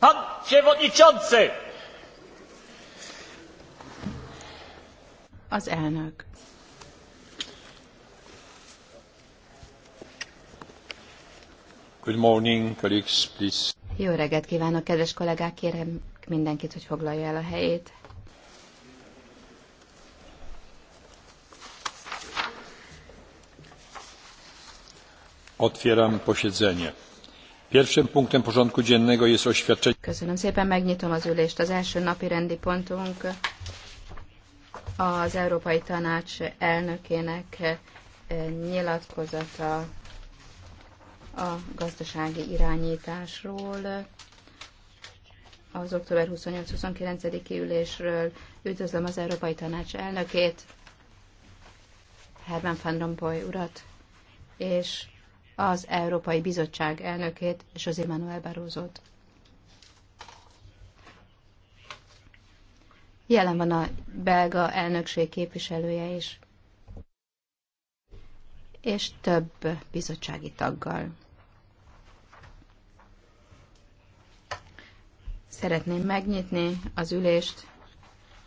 Pan Przewodniczący! Az elnök. Good morning, colleagues, please. Jó reggelt kívánok, kedves kollégák! Kérem mindenkit, hogy foglalja el a helyét. Otwieram posiedzenie. Köszönöm szépen, megnyitom az ülést. Az első napi rendi pontunk az Európai Tanács elnökének eh, nyilatkozata a gazdasági irányításról, az október 28-29-i ülésről. Üdvözlöm az Európai Tanács elnökét, Herman van Rompuy urat, és az Európai Bizottság elnökét, José Manuel Barózót. Jelen van a belga elnökség képviselője is, és több bizottsági taggal. Szeretném megnyitni az ülést,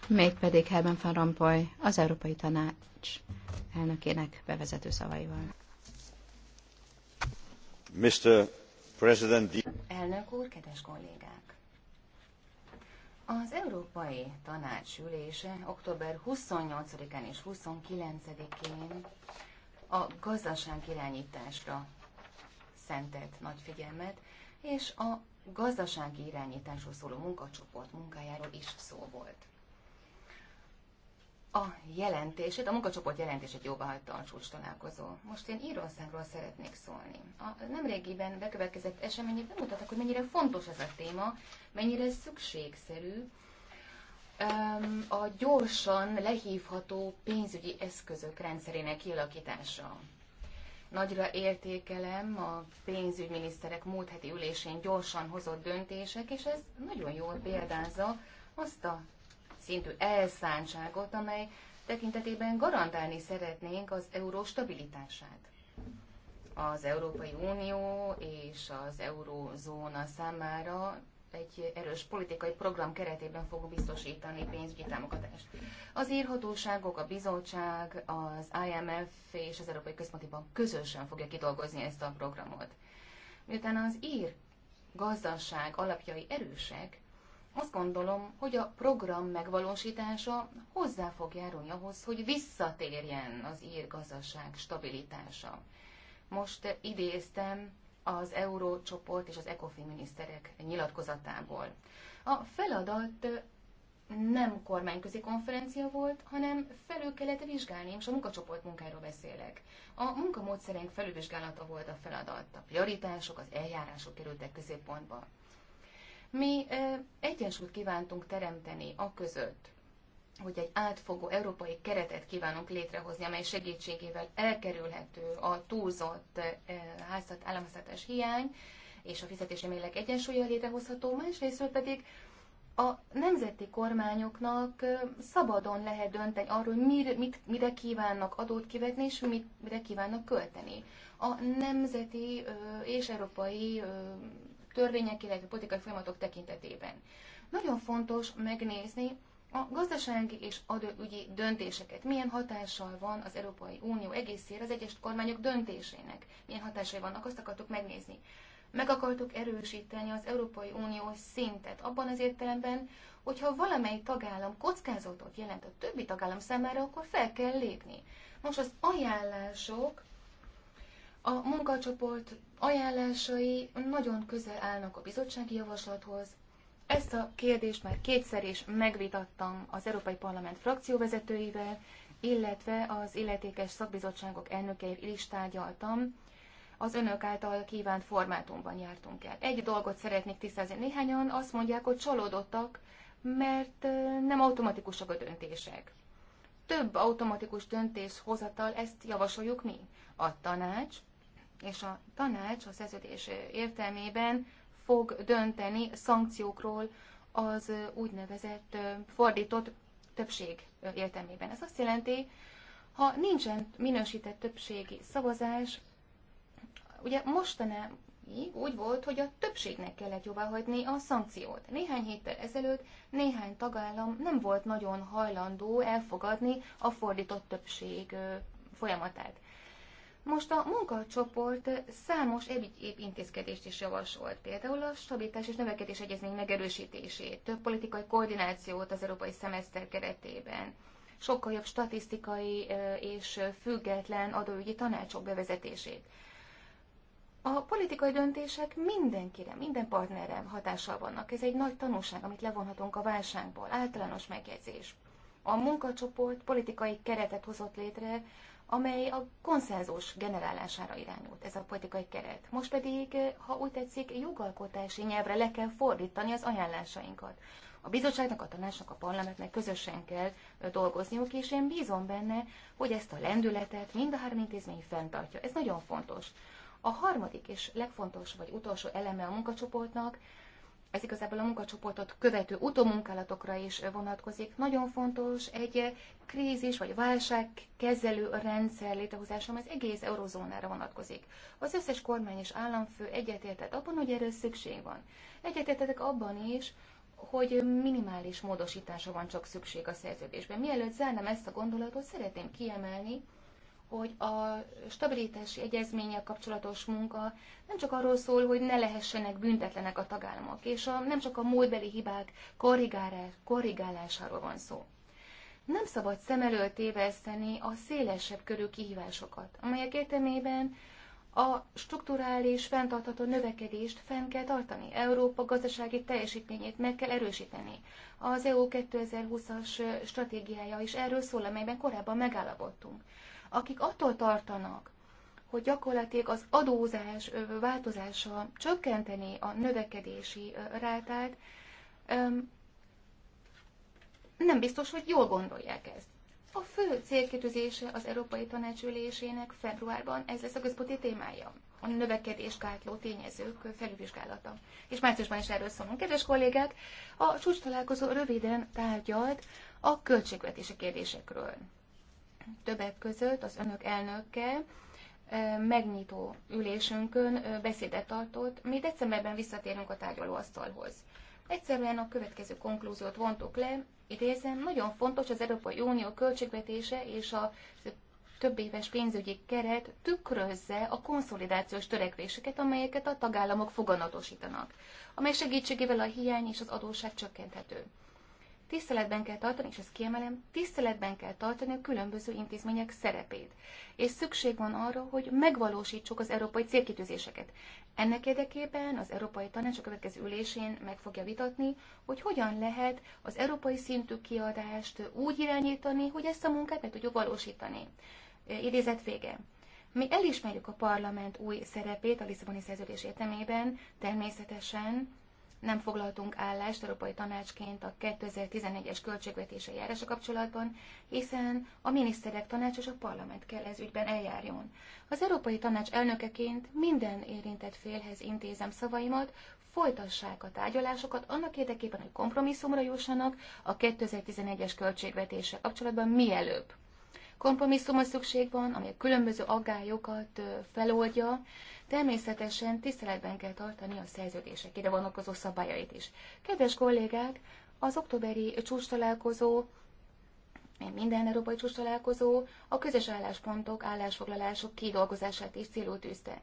mégpedig Herben van Rompuy, az Európai Tanács elnökének bevezető szavaival. Elnök úr, kedves kollégák! Az Európai Tanács ülése október 28-án és 29-én a gazdaságirányításra szentelt nagy figyelmet, és a gazdasági irányításról szóló munkacsoport munkájáról is szó volt a jelentését, a munkacsoport jelentését jóvá hagyta a csúcs találkozó. Most én Írországról szeretnék szólni. A nemrégiben bekövetkezett események bemutatok, hogy mennyire fontos ez a téma, mennyire szükségszerű a gyorsan lehívható pénzügyi eszközök rendszerének kialakítása. Nagyra értékelem a pénzügyminiszterek múlt heti ülésén gyorsan hozott döntések, és ez nagyon jól példázza azt a szintű elszántságot, amely tekintetében garantálni szeretnénk az euró stabilitását. Az Európai Unió és az eurózóna számára egy erős politikai program keretében fog biztosítani pénzügyi támogatást. Az írhatóságok, a bizottság, az IMF és az Európai Központi Bank közösen fogja kidolgozni ezt a programot. Miután az ír gazdaság alapjai erősek, azt gondolom, hogy a program megvalósítása hozzá fog járulni ahhoz, hogy visszatérjen az ír gazdaság stabilitása. Most idéztem az Eurócsoport és az ECOFIN miniszterek nyilatkozatából. A feladat nem kormányközi konferencia volt, hanem felül kellett vizsgálni, és a munkacsoport munkáról beszélek. A munkamódszerénk felülvizsgálata volt a feladat, a prioritások, az eljárások kerültek középpontba. Mi egyensúlyt kívántunk teremteni a között, hogy egy átfogó európai keretet kívánunk létrehozni, amely segítségével elkerülhető a túlzott házat államháztartás hiány, és a fizetési mérleg egyensúlya létrehozható, másrészt pedig a nemzeti kormányoknak szabadon lehet dönteni arról, hogy mire, mit, mire kívánnak adót kivetni, és mit, mire kívánnak költeni. A nemzeti és európai törvények, illetve politikai folyamatok tekintetében. Nagyon fontos megnézni a gazdasági és adóügyi döntéseket. Milyen hatással van az Európai Unió egészére az egyes kormányok döntésének? Milyen hatásai vannak, azt akartuk megnézni. Meg akartuk erősíteni az Európai Unió szintet abban az értelemben, hogyha valamely tagállam kockázatot jelent a többi tagállam számára, akkor fel kell lépni. Most az ajánlások a munkacsoport ajánlásai nagyon közel állnak a bizottsági javaslathoz. Ezt a kérdést már kétszer is megvitattam az Európai Parlament frakcióvezetőivel, illetve az illetékes szakbizottságok elnökeivel is tárgyaltam. Az önök által kívánt formátumban jártunk el. Egy dolgot szeretnék tisztázni. Néhányan azt mondják, hogy csalódottak, mert nem automatikusak a döntések. Több automatikus döntéshozatal ezt javasoljuk mi. A tanács és a tanács a szerződés értelmében fog dönteni szankciókról az úgynevezett fordított többség értelmében. Ez azt jelenti, ha nincsen minősített többségi szavazás, ugye mostanáig úgy volt, hogy a többségnek kellett jóváhagyni a szankciót. Néhány héttel ezelőtt néhány tagállam nem volt nagyon hajlandó elfogadni a fordított többség folyamatát. Most a munkacsoport számos egyéb intézkedést is javasolt, például a stabilitás és növekedés egyezmény megerősítését, több politikai koordinációt az európai szemeszter keretében, sokkal jobb statisztikai és független adóügyi tanácsok bevezetését. A politikai döntések mindenkire, minden partnerem hatással vannak. Ez egy nagy tanulság, amit levonhatunk a válságból, általános megjegyzés. A munkacsoport politikai keretet hozott létre amely a konszenzus generálására irányult, ez a politikai keret. Most pedig, ha úgy tetszik, jogalkotási nyelvre le kell fordítani az ajánlásainkat. A bizottságnak, a tanácsnak, a parlamentnek közösen kell dolgozniuk, és én bízom benne, hogy ezt a lendületet mind a három intézmény fenntartja. Ez nagyon fontos. A harmadik és legfontosabb vagy utolsó eleme a munkacsoportnak ez igazából a munkacsoportot követő utómunkálatokra is vonatkozik. Nagyon fontos egy krízis vagy válságkezelő rendszer létrehozása, az egész eurozónára vonatkozik. Az összes kormány és államfő egyetértett abban, hogy erre szükség van. Egyetértettek abban is, hogy minimális módosítása van csak szükség a szerződésben. Mielőtt zárnám ezt a gondolatot, szeretném kiemelni, hogy a stabilitási egyezménnyel kapcsolatos munka nem csak arról szól, hogy ne lehessenek büntetlenek a tagállamok, és a, nem csak a múltbeli hibák korrigálásáról van szó. Nem szabad szem előtt éveszteni a szélesebb körű kihívásokat, amelyek értelmében a strukturális, fenntartható növekedést fenn kell tartani. Európa gazdasági teljesítményét meg kell erősíteni. Az EU 2020-as stratégiája is erről szól, amelyben korábban megállapodtunk akik attól tartanak, hogy gyakorlatilag az adózás változása csökkenteni a növekedési rátát, nem biztos, hogy jól gondolják ezt. A fő célkitűzése az Európai Tanács ülésének februárban ez lesz a központi témája, a növekedés gátló tényezők felülvizsgálata. És márciusban is erről szólunk. Kedves kollégák, a csúcs találkozó röviden tárgyalt a költségvetési kérdésekről többek között az önök elnöke megnyitó ülésünkön beszédet tartott. Mi decemberben visszatérünk a tárgyalóasztalhoz. Egyszerűen a következő konklúziót vontuk le, idézem, nagyon fontos az Európai Unió költségvetése és a több éves pénzügyi keret tükrözze a konszolidációs törekvéseket, amelyeket a tagállamok foganatosítanak, amely segítségével a hiány és az adósság csökkenthető tiszteletben kell tartani, és ezt kiemelem, tiszteletben kell tartani a különböző intézmények szerepét. És szükség van arra, hogy megvalósítsuk az európai célkitűzéseket. Ennek érdekében az Európai Tanács a következő ülésén meg fogja vitatni, hogy hogyan lehet az európai szintű kiadást úgy irányítani, hogy ezt a munkát meg tudjuk valósítani. E, idézet vége. Mi elismerjük a parlament új szerepét a Lisszaboni szerződés értelmében, természetesen nem foglaltunk állást Európai Tanácsként a 2011-es költségvetése járása kapcsolatban, hiszen a miniszterek tanács és a parlament kell ez ügyben eljárjon. Az Európai Tanács elnökeként minden érintett félhez intézem szavaimat, folytassák a tárgyalásokat annak érdekében, hogy kompromisszumra jussanak a 2011-es költségvetése kapcsolatban mielőbb kompromisszumos szükség van, ami a különböző aggályokat feloldja, Természetesen tiszteletben kell tartani a szerződések ide vonatkozó szabályait is. Kedves kollégák, az októberi csúcs találkozó, minden európai csúcs találkozó a közös álláspontok, állásfoglalások kidolgozását is célul tűzte.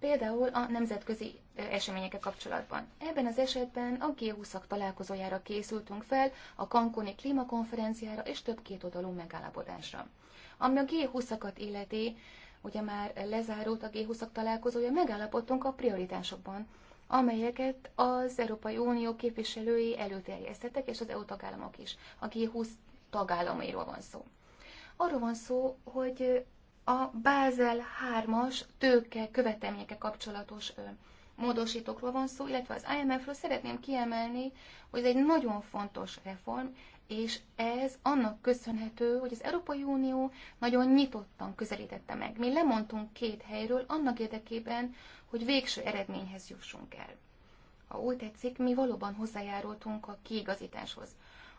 Például a nemzetközi eseményekkel kapcsolatban. Ebben az esetben a g 20 találkozójára készültünk fel, a Cancuni klímakonferenciára és több kétoldalú megállapodásra. Ami a G20-akat illeti, ugye már lezárult a G20-ak találkozója, megállapodtunk a prioritásokban, amelyeket az Európai Unió képviselői előterjesztettek, és az EU tagállamok is. A G20 tagállamairól van szó. Arról van szó, hogy a Bázel 3-as tőke követelményeke kapcsolatos módosítókról van szó, illetve az IMF-ről szeretném kiemelni, hogy ez egy nagyon fontos reform, és ez annak köszönhető, hogy az Európai Unió nagyon nyitottan közelítette meg. Mi lemondtunk két helyről annak érdekében, hogy végső eredményhez jussunk el. Ha úgy tetszik, mi valóban hozzájárultunk a kiigazításhoz,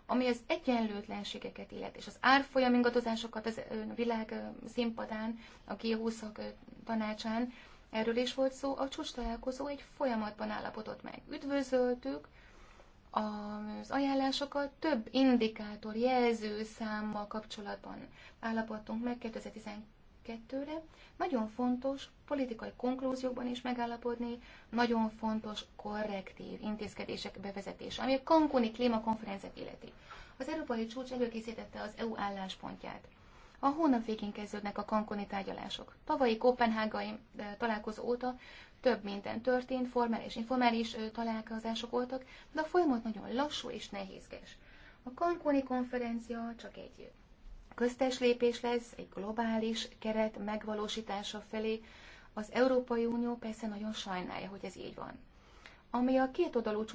ami az egyenlőtlenségeket illet, és az árfolyam ingadozásokat az világ színpadán, a g 20 tanácsán, erről is volt szó, a csúcs találkozó egy folyamatban állapodott meg. Üdvözöltük, az ajánlásokat több indikátor, jelző számmal kapcsolatban állapodtunk meg 2012-re. Nagyon fontos politikai konklúziókban is megállapodni, nagyon fontos korrektív intézkedések bevezetése, ami a Cancuni klímakonferenciát illeti. Az európai csúcs előkészítette az EU álláspontját. A hónap végén kezdődnek a kankoni tárgyalások. Tavalyi Kopenhágai eh, találkozó óta több minden történt, formális és informális találkozások voltak, de a folyamat nagyon lassú és nehézkes. A Cancúni konferencia csak egy köztes lépés lesz, egy globális keret megvalósítása felé. Az Európai Unió persze nagyon sajnálja, hogy ez így van. Ami a két oldalú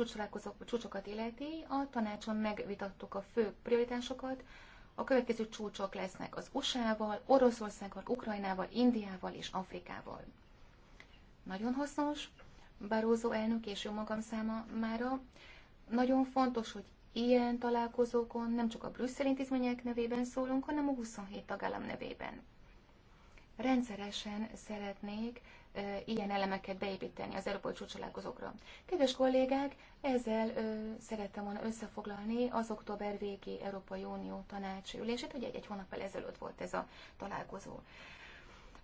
csúcsokat illeti, a tanácson megvitattuk a fő prioritásokat, a következő csúcsok lesznek az USA-val, Oroszországgal, Ukrajnával, Indiával és Afrikával nagyon hasznos, Barózó elnök és jó magam mára. Nagyon fontos, hogy ilyen találkozókon nem csak a brüsszeli intézmények nevében szólunk, hanem a 27 tagállam nevében. Rendszeresen szeretnék e, ilyen elemeket beépíteni az európai csúcsalálkozókra. Kedves kollégák, ezzel e, szerettem volna összefoglalni az október végi Európai Unió tanácsi ülését, ugye egy-egy hónappal ezelőtt volt ez a találkozó.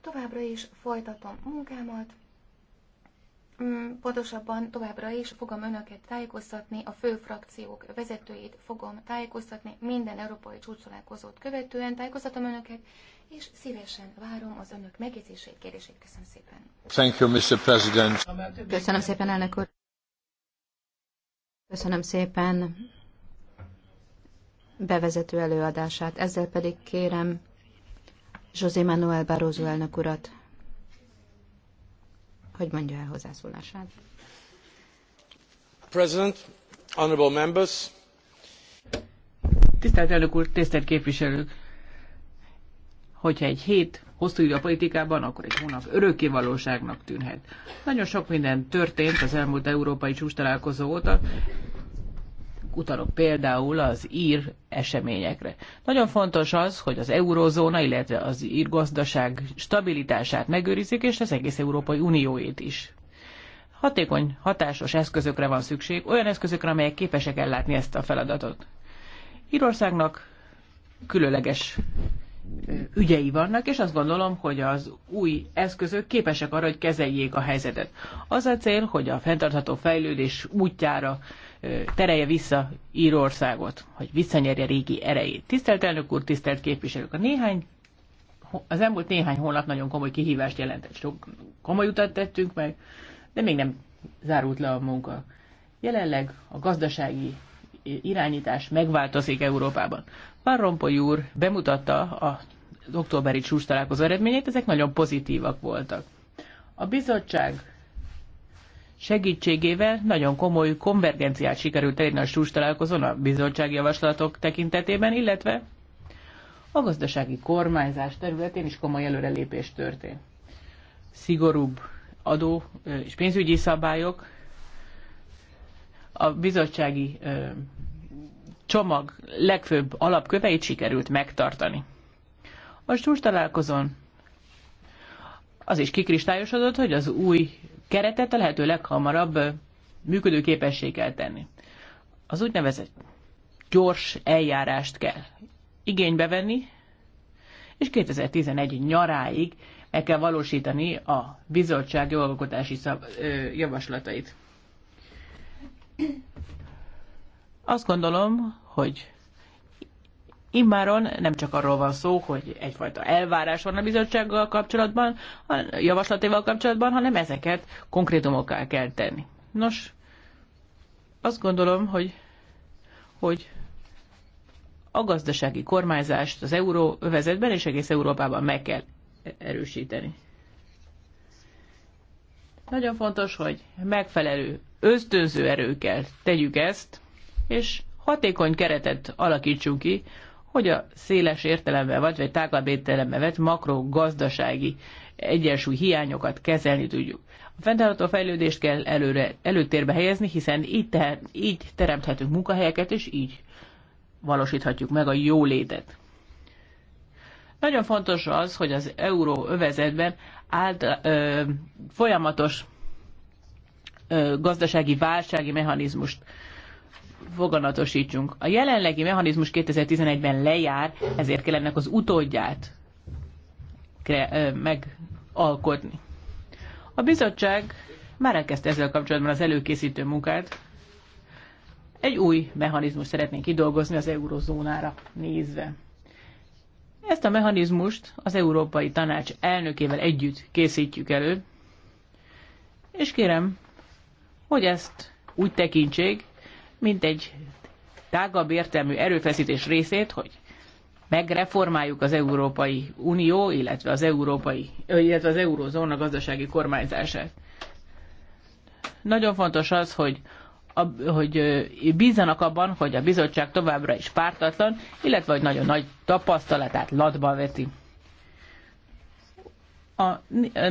Továbbra is folytatom munkámat, Mm, pontosabban továbbra is fogom önöket tájékoztatni, a fő frakciók vezetőit fogom tájékoztatni minden európai csúcsolálkozót követően, tájékoztatom önöket, és szívesen várom az önök megjegyzéseit, kérdését. Köszönöm szépen. Thank you, Mr. President. Köszönöm szépen, elnök úr. Köszönöm szépen bevezető előadását. Ezzel pedig kérem José Manuel Barroso elnök urat hogy mondja el hozzászólását. President, honorable members. Tisztelt elnök úr, tisztelt képviselők! Hogyha egy hét hosszú idő a politikában, akkor egy hónap örökké valóságnak tűnhet. Nagyon sok minden történt az elmúlt európai csúcs találkozó óta, utalok például az ír eseményekre. Nagyon fontos az, hogy az eurozóna, illetve az ír gazdaság stabilitását megőrizzék, és az egész Európai Unióét is. Hatékony, hatásos eszközökre van szükség, olyan eszközökre, amelyek képesek ellátni ezt a feladatot. Írországnak különleges ügyei vannak, és azt gondolom, hogy az új eszközök képesek arra, hogy kezeljék a helyzetet. Az a cél, hogy a fenntartható fejlődés útjára terelje vissza Írországot, hogy visszanyerje régi erejét. Tisztelt elnök úr, tisztelt képviselők, a néhány az elmúlt néhány hónap nagyon komoly kihívást jelentett. Sok komoly utat tettünk meg, de még nem zárult le a munka. Jelenleg a gazdasági irányítás megváltozik Európában. Van Rompoly úr bemutatta az októberi csúcs találkozó eredményét, ezek nagyon pozitívak voltak. A bizottság segítségével nagyon komoly konvergenciát sikerült elérni a sús találkozón a bizottsági javaslatok tekintetében, illetve a gazdasági kormányzás területén is komoly előrelépés történt. Szigorúbb adó és pénzügyi szabályok, a bizottsági csomag legfőbb alapköveit sikerült megtartani. A csúcs találkozón az is kikristályosodott, hogy az új keretet a lehető leghamarabb működőképessé kell tenni. Az úgynevezett gyors eljárást kell igénybe venni, és 2011 nyaráig meg kell valósítani a bizottság jogalkotási szab, javaslatait. Azt gondolom, hogy Immáron nem csak arról van szó, hogy egyfajta elvárás van a bizottsággal kapcsolatban, a javaslatéval kapcsolatban, hanem ezeket konkrétumokká kell tenni. Nos, azt gondolom, hogy, hogy a gazdasági kormányzást az euróvezetben és egész Európában meg kell erősíteni. Nagyon fontos, hogy megfelelő ösztönző erőkkel tegyük ezt, és hatékony keretet alakítsunk ki hogy a széles értelemben vett, vagy tágabb értelemben vett makrogazdasági egyensúly hiányokat kezelni tudjuk. A fenntartható fejlődést kell előre, előtérbe helyezni, hiszen így, tehet, így teremthetünk munkahelyeket, és így valósíthatjuk meg a jólétet. Nagyon fontos az, hogy az euróövezetben állt, ö, folyamatos ö, gazdasági válsági mechanizmust foganatosítsunk. A jelenlegi mechanizmus 2011-ben lejár, ezért kell ennek az utódját megalkotni. A bizottság már elkezdte ezzel kapcsolatban az előkészítő munkát. Egy új mechanizmus szeretnénk kidolgozni az eurozónára nézve. Ezt a mechanizmust az Európai Tanács elnökével együtt készítjük elő, és kérem, hogy ezt úgy tekintsék, mint egy tágabb értelmű erőfeszítés részét, hogy megreformáljuk az Európai Unió, illetve az Európai, illetve az Eurózóna gazdasági kormányzását. Nagyon fontos az, hogy a, hogy bízzanak abban, hogy a bizottság továbbra is pártatlan, illetve hogy nagyon nagy tapasztalatát latba veti. A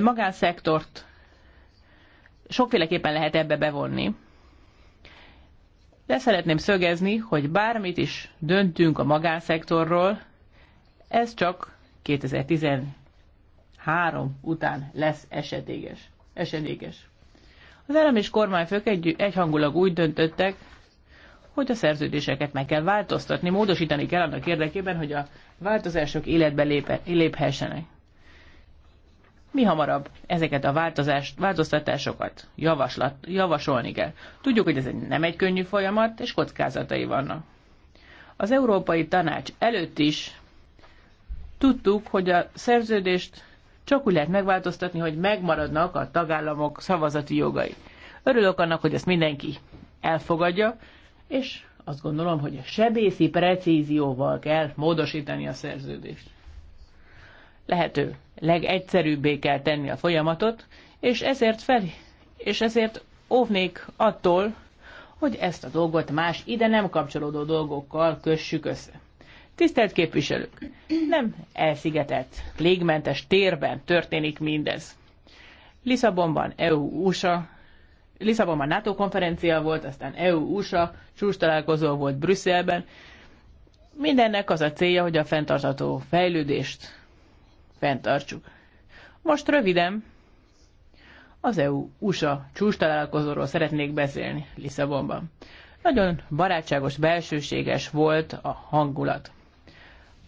magánszektort sokféleképpen lehet ebbe bevonni, de szeretném szögezni, hogy bármit is döntünk a magánszektorról, ez csak 2013 után lesz esedéges. esedéges. Az állam és kormányfők egy, egyhangulag úgy döntöttek, hogy a szerződéseket meg kell változtatni, módosítani kell annak érdekében, hogy a változások életbe lépe, léphessenek mi hamarabb ezeket a változást, változtatásokat javaslat, javasolni kell. Tudjuk, hogy ez nem egy könnyű folyamat, és kockázatai vannak. Az Európai Tanács előtt is tudtuk, hogy a szerződést csak úgy lehet megváltoztatni, hogy megmaradnak a tagállamok szavazati jogai. Örülök annak, hogy ezt mindenki elfogadja, és azt gondolom, hogy a sebészi precízióval kell módosítani a szerződést lehető legegyszerűbbé kell tenni a folyamatot, és ezért, fel, és ezért óvnék attól, hogy ezt a dolgot más ide nem kapcsolódó dolgokkal kössük össze. Tisztelt képviselők, nem elszigetett, légmentes térben történik mindez. Lisszabonban EU-USA, Lisszabonban NATO konferencia volt, aztán EU-USA csúcs találkozó volt Brüsszelben. Mindennek az a célja, hogy a fenntartható fejlődést fenntartsuk. Most röviden az EU-USA csúcs találkozóról szeretnék beszélni Lisszabonban. Nagyon barátságos, belsőséges volt a hangulat.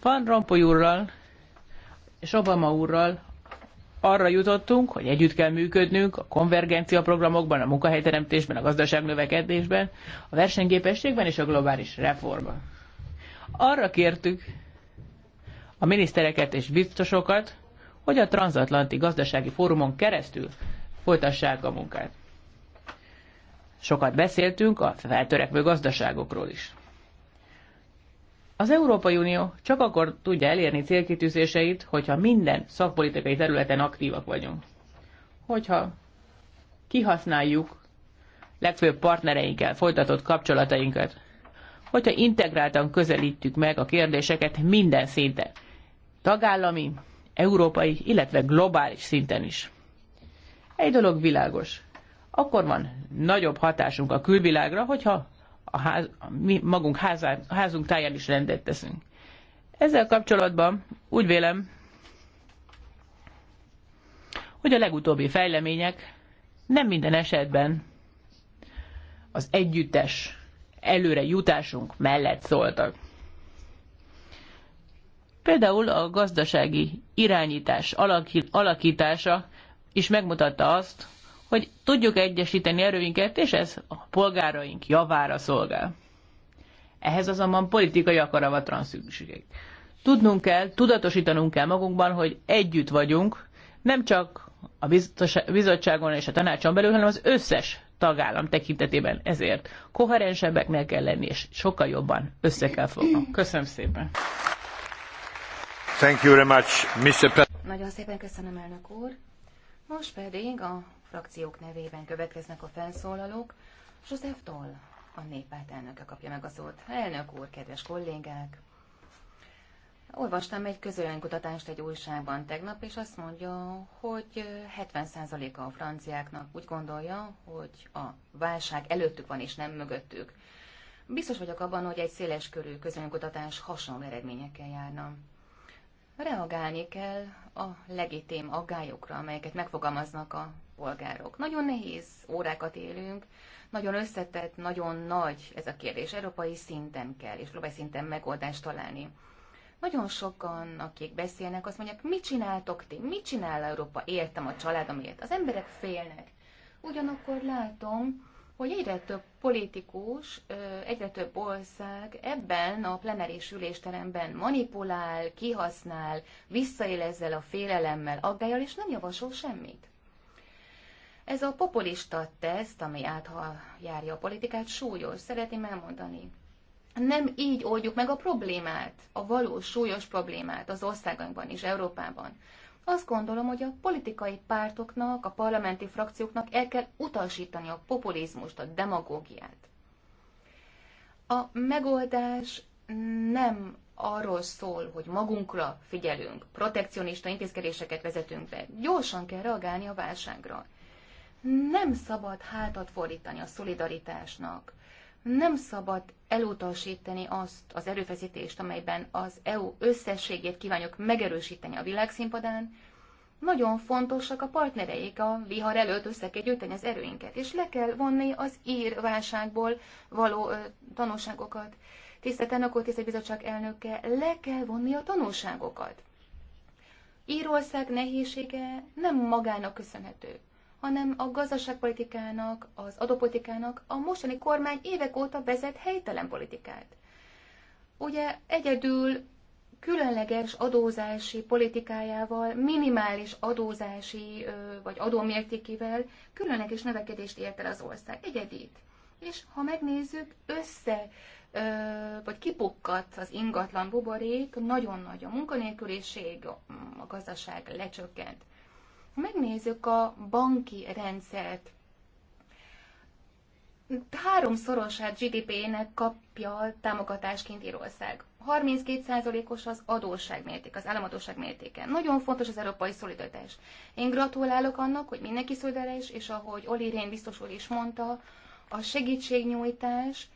Van Rompuy úrral és Obama úrral arra jutottunk, hogy együtt kell működnünk a konvergencia programokban, a munkahelyteremtésben, a gazdaságnövekedésben, a versenyképességben és a globális reformban. Arra kértük a minisztereket és biztosokat, hogy a transatlanti gazdasági fórumon keresztül folytassák a munkát. Sokat beszéltünk a feltörekvő gazdaságokról is. Az Európai Unió csak akkor tudja elérni célkitűzéseit, hogyha minden szakpolitikai területen aktívak vagyunk. Hogyha kihasználjuk legfőbb partnereinkkel folytatott kapcsolatainkat, hogyha integráltan közelítjük meg a kérdéseket minden szinten tagállami, európai, illetve globális szinten is. Egy dolog világos. Akkor van nagyobb hatásunk a külvilágra, hogyha a ház, mi magunk házá, házunk táján is rendet teszünk. Ezzel kapcsolatban úgy vélem, hogy a legutóbbi fejlemények nem minden esetben az együttes előre jutásunk mellett szóltak. Például a gazdasági irányítás alakítása is megmutatta azt, hogy tudjuk egyesíteni erőinket, és ez a polgáraink javára szolgál. Ehhez azonban politikai akaravatran szükségek. Tudnunk kell, tudatosítanunk kell magunkban, hogy együtt vagyunk, nem csak a bizottságon és a tanácson belül, hanem az összes tagállam tekintetében ezért koherensebbeknek kell lenni, és sokkal jobban össze kell fognunk. Köszönöm szépen! Thank you very much, Mr. Pe- Nagyon szépen köszönöm, elnök úr. Most pedig a frakciók nevében következnek a felszólalók. Joseph Toll, a néppárt elnöke kapja meg a szót. Elnök úr, kedves kollégák! Olvastam egy közölönykutatást egy újságban tegnap, és azt mondja, hogy 70%-a a franciáknak úgy gondolja, hogy a válság előttük van és nem mögöttük. Biztos vagyok abban, hogy egy széleskörű közönkutatás hasonló eredményekkel járna reagálni kell a legitim aggályokra, amelyeket megfogalmaznak a polgárok. Nagyon nehéz órákat élünk, nagyon összetett, nagyon nagy ez a kérdés. Európai szinten kell, és globális szinten megoldást találni. Nagyon sokan, akik beszélnek, azt mondják, mit csináltok ti, mit csinál Európa, értem a családomért. Az emberek félnek. Ugyanakkor látom, hogy egyre több politikus, egyre több ország ebben a plenáris ülésteremben manipulál, kihasznál, visszaél ezzel a félelemmel, aggályal és nem javasol semmit. Ez a populista teszt, ami járja a politikát, súlyos, szeretném elmondani. Nem így oldjuk meg a problémát, a valós súlyos problémát az országunkban és Európában. Azt gondolom, hogy a politikai pártoknak, a parlamenti frakcióknak el kell utasítani a populizmust, a demagógiát. A megoldás nem arról szól, hogy magunkra figyelünk, protekcionista intézkedéseket vezetünk be. Gyorsan kell reagálni a válságra. Nem szabad hátat fordítani a szolidaritásnak, nem szabad elutasítani azt az erőfeszítést, amelyben az EU összességét kívánjuk megerősíteni a világszínpadán, nagyon fontosak a partnereik a vihar előtt össze kell gyűjteni az erőinket, és le kell vonni az ír válságból való ö, tanulságokat. Tisztelt elnök tisztelt bizottság elnöke, le kell vonni a tanulságokat. Írország nehézsége nem magának köszönhető hanem a gazdaságpolitikának, az adópolitikának a mostani kormány évek óta vezet helytelen politikát. Ugye egyedül különleges adózási politikájával, minimális adózási vagy adómértékével különleges növekedést ért el az ország. Egyedít. És ha megnézzük, össze vagy kipukkadt az ingatlan buborék, nagyon nagy a munkanélküliség, a gazdaság lecsökkent. Ha megnézzük a banki rendszert, háromszorosát GDP-nek kapja támogatásként Írország. 32%-os az adósság mérték, az államadóság mértéke. Nagyon fontos az európai szolidaritás. Én gratulálok annak, hogy mindenki szolidaritás, és ahogy Oli Rén biztos úr is mondta, a segítségnyújtás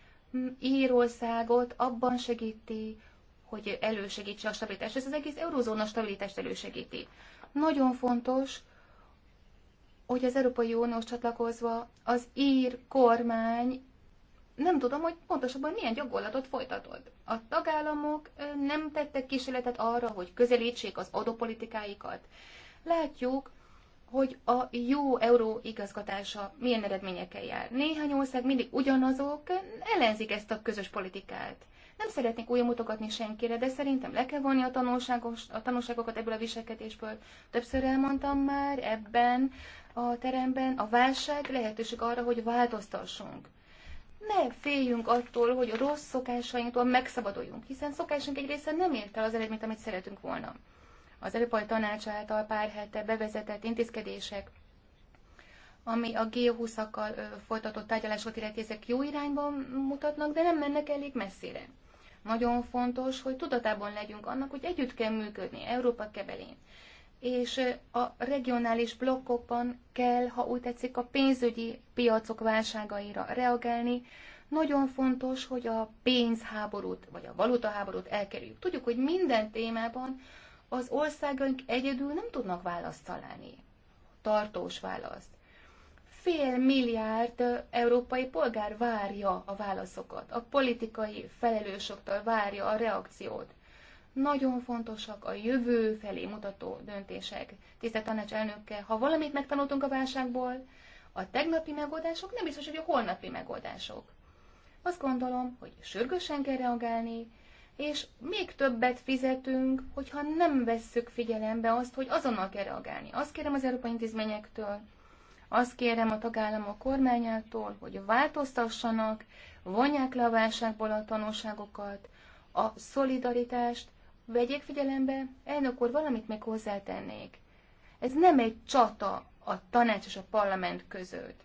Írországot abban segíti, hogy elősegítse a stabilitást. Ez az egész eurozóna stabilitást elősegíti. Nagyon fontos, hogy az Európai Uniós csatlakozva az ír kormány nem tudom, hogy pontosabban milyen gyakorlatot folytatod. A tagállamok nem tettek kísérletet arra, hogy közelítsék az adópolitikáikat. Látjuk, hogy a jó euró igazgatása milyen eredményekkel jár. Néhány ország mindig ugyanazok ellenzik ezt a közös politikát. Nem szeretnék új mutogatni senkire, de szerintem le kell vonni a, a tanulságokat ebből a viselkedésből. Többször elmondtam már ebben a teremben, a válság lehetőség arra, hogy változtassunk. Ne féljünk attól, hogy a rossz szokásainktól megszabaduljunk, hiszen szokásunk egy része nem ért el az eredményt, amit szeretünk volna. Az előpaj Tanács által pár hete bevezetett intézkedések ami a G20-akkal folytatott tárgyalásokat illeti, ezek jó irányban mutatnak, de nem mennek elég messzire. Nagyon fontos, hogy tudatában legyünk annak, hogy együtt kell működni Európa kebelén. És a regionális blokkokban kell, ha úgy tetszik, a pénzügyi piacok válságaira reagálni. Nagyon fontos, hogy a pénzháborút vagy a valutaháborút elkerüljük. Tudjuk, hogy minden témában az országaink egyedül nem tudnak választ találni, tartós választ fél milliárd európai polgár várja a válaszokat, a politikai felelősöktől várja a reakciót. Nagyon fontosak a jövő felé mutató döntések. Tisztelt tanács elnökkel, ha valamit megtanultunk a válságból, a tegnapi megoldások nem biztos, hogy a holnapi megoldások. Azt gondolom, hogy sürgősen kell reagálni, és még többet fizetünk, hogyha nem vesszük figyelembe azt, hogy azonnal kell reagálni. Azt kérem az európai intézményektől, azt kérem a tagállamok kormányától, hogy változtassanak, vonják le a válságból a tanulságokat, a szolidaritást, vegyék figyelembe, elnök úr, valamit még hozzátennék. Ez nem egy csata a tanács és a parlament között.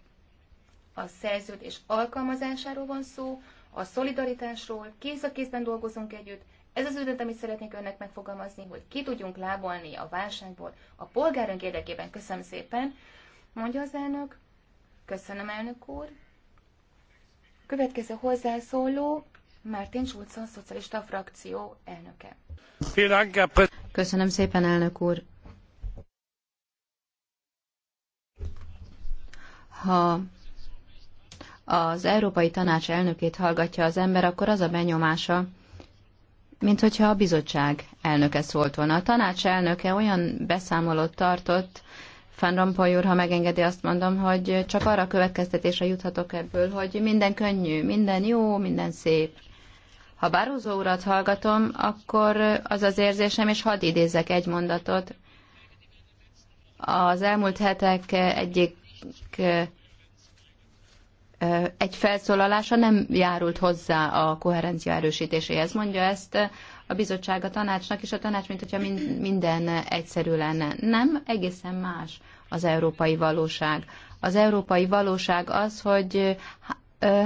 A szerződés alkalmazásáról van szó, a szolidaritásról, kéz a kézben dolgozunk együtt. Ez az üzenet, amit szeretnék önnek megfogalmazni, hogy ki tudjunk lábolni a válságból a polgárunk érdekében. Köszönöm szépen! mondja az elnök. Köszönöm, elnök úr. Következő hozzászóló Mártin Schulz, szocialista frakció elnöke. Köszönöm szépen, elnök úr. Ha az Európai Tanács elnökét hallgatja az ember, akkor az a benyomása, mint hogyha a bizottság elnöke szólt volna. A tanács elnöke olyan beszámolót tartott, van Rompuy úr, ha megengedi, azt mondom, hogy csak arra a következtetésre juthatok ebből, hogy minden könnyű, minden jó, minden szép. Ha Bározó urat hallgatom, akkor az az érzésem, és hadd idézek egy mondatot. Az elmúlt hetek egyik eh, egy felszólalása nem járult hozzá a koherencia erősítéséhez. Mondja ezt a bizottság a tanácsnak, és a tanács, mint hogyha minden egyszerű lenne. Nem, egészen más az európai valóság. Az európai valóság az, hogy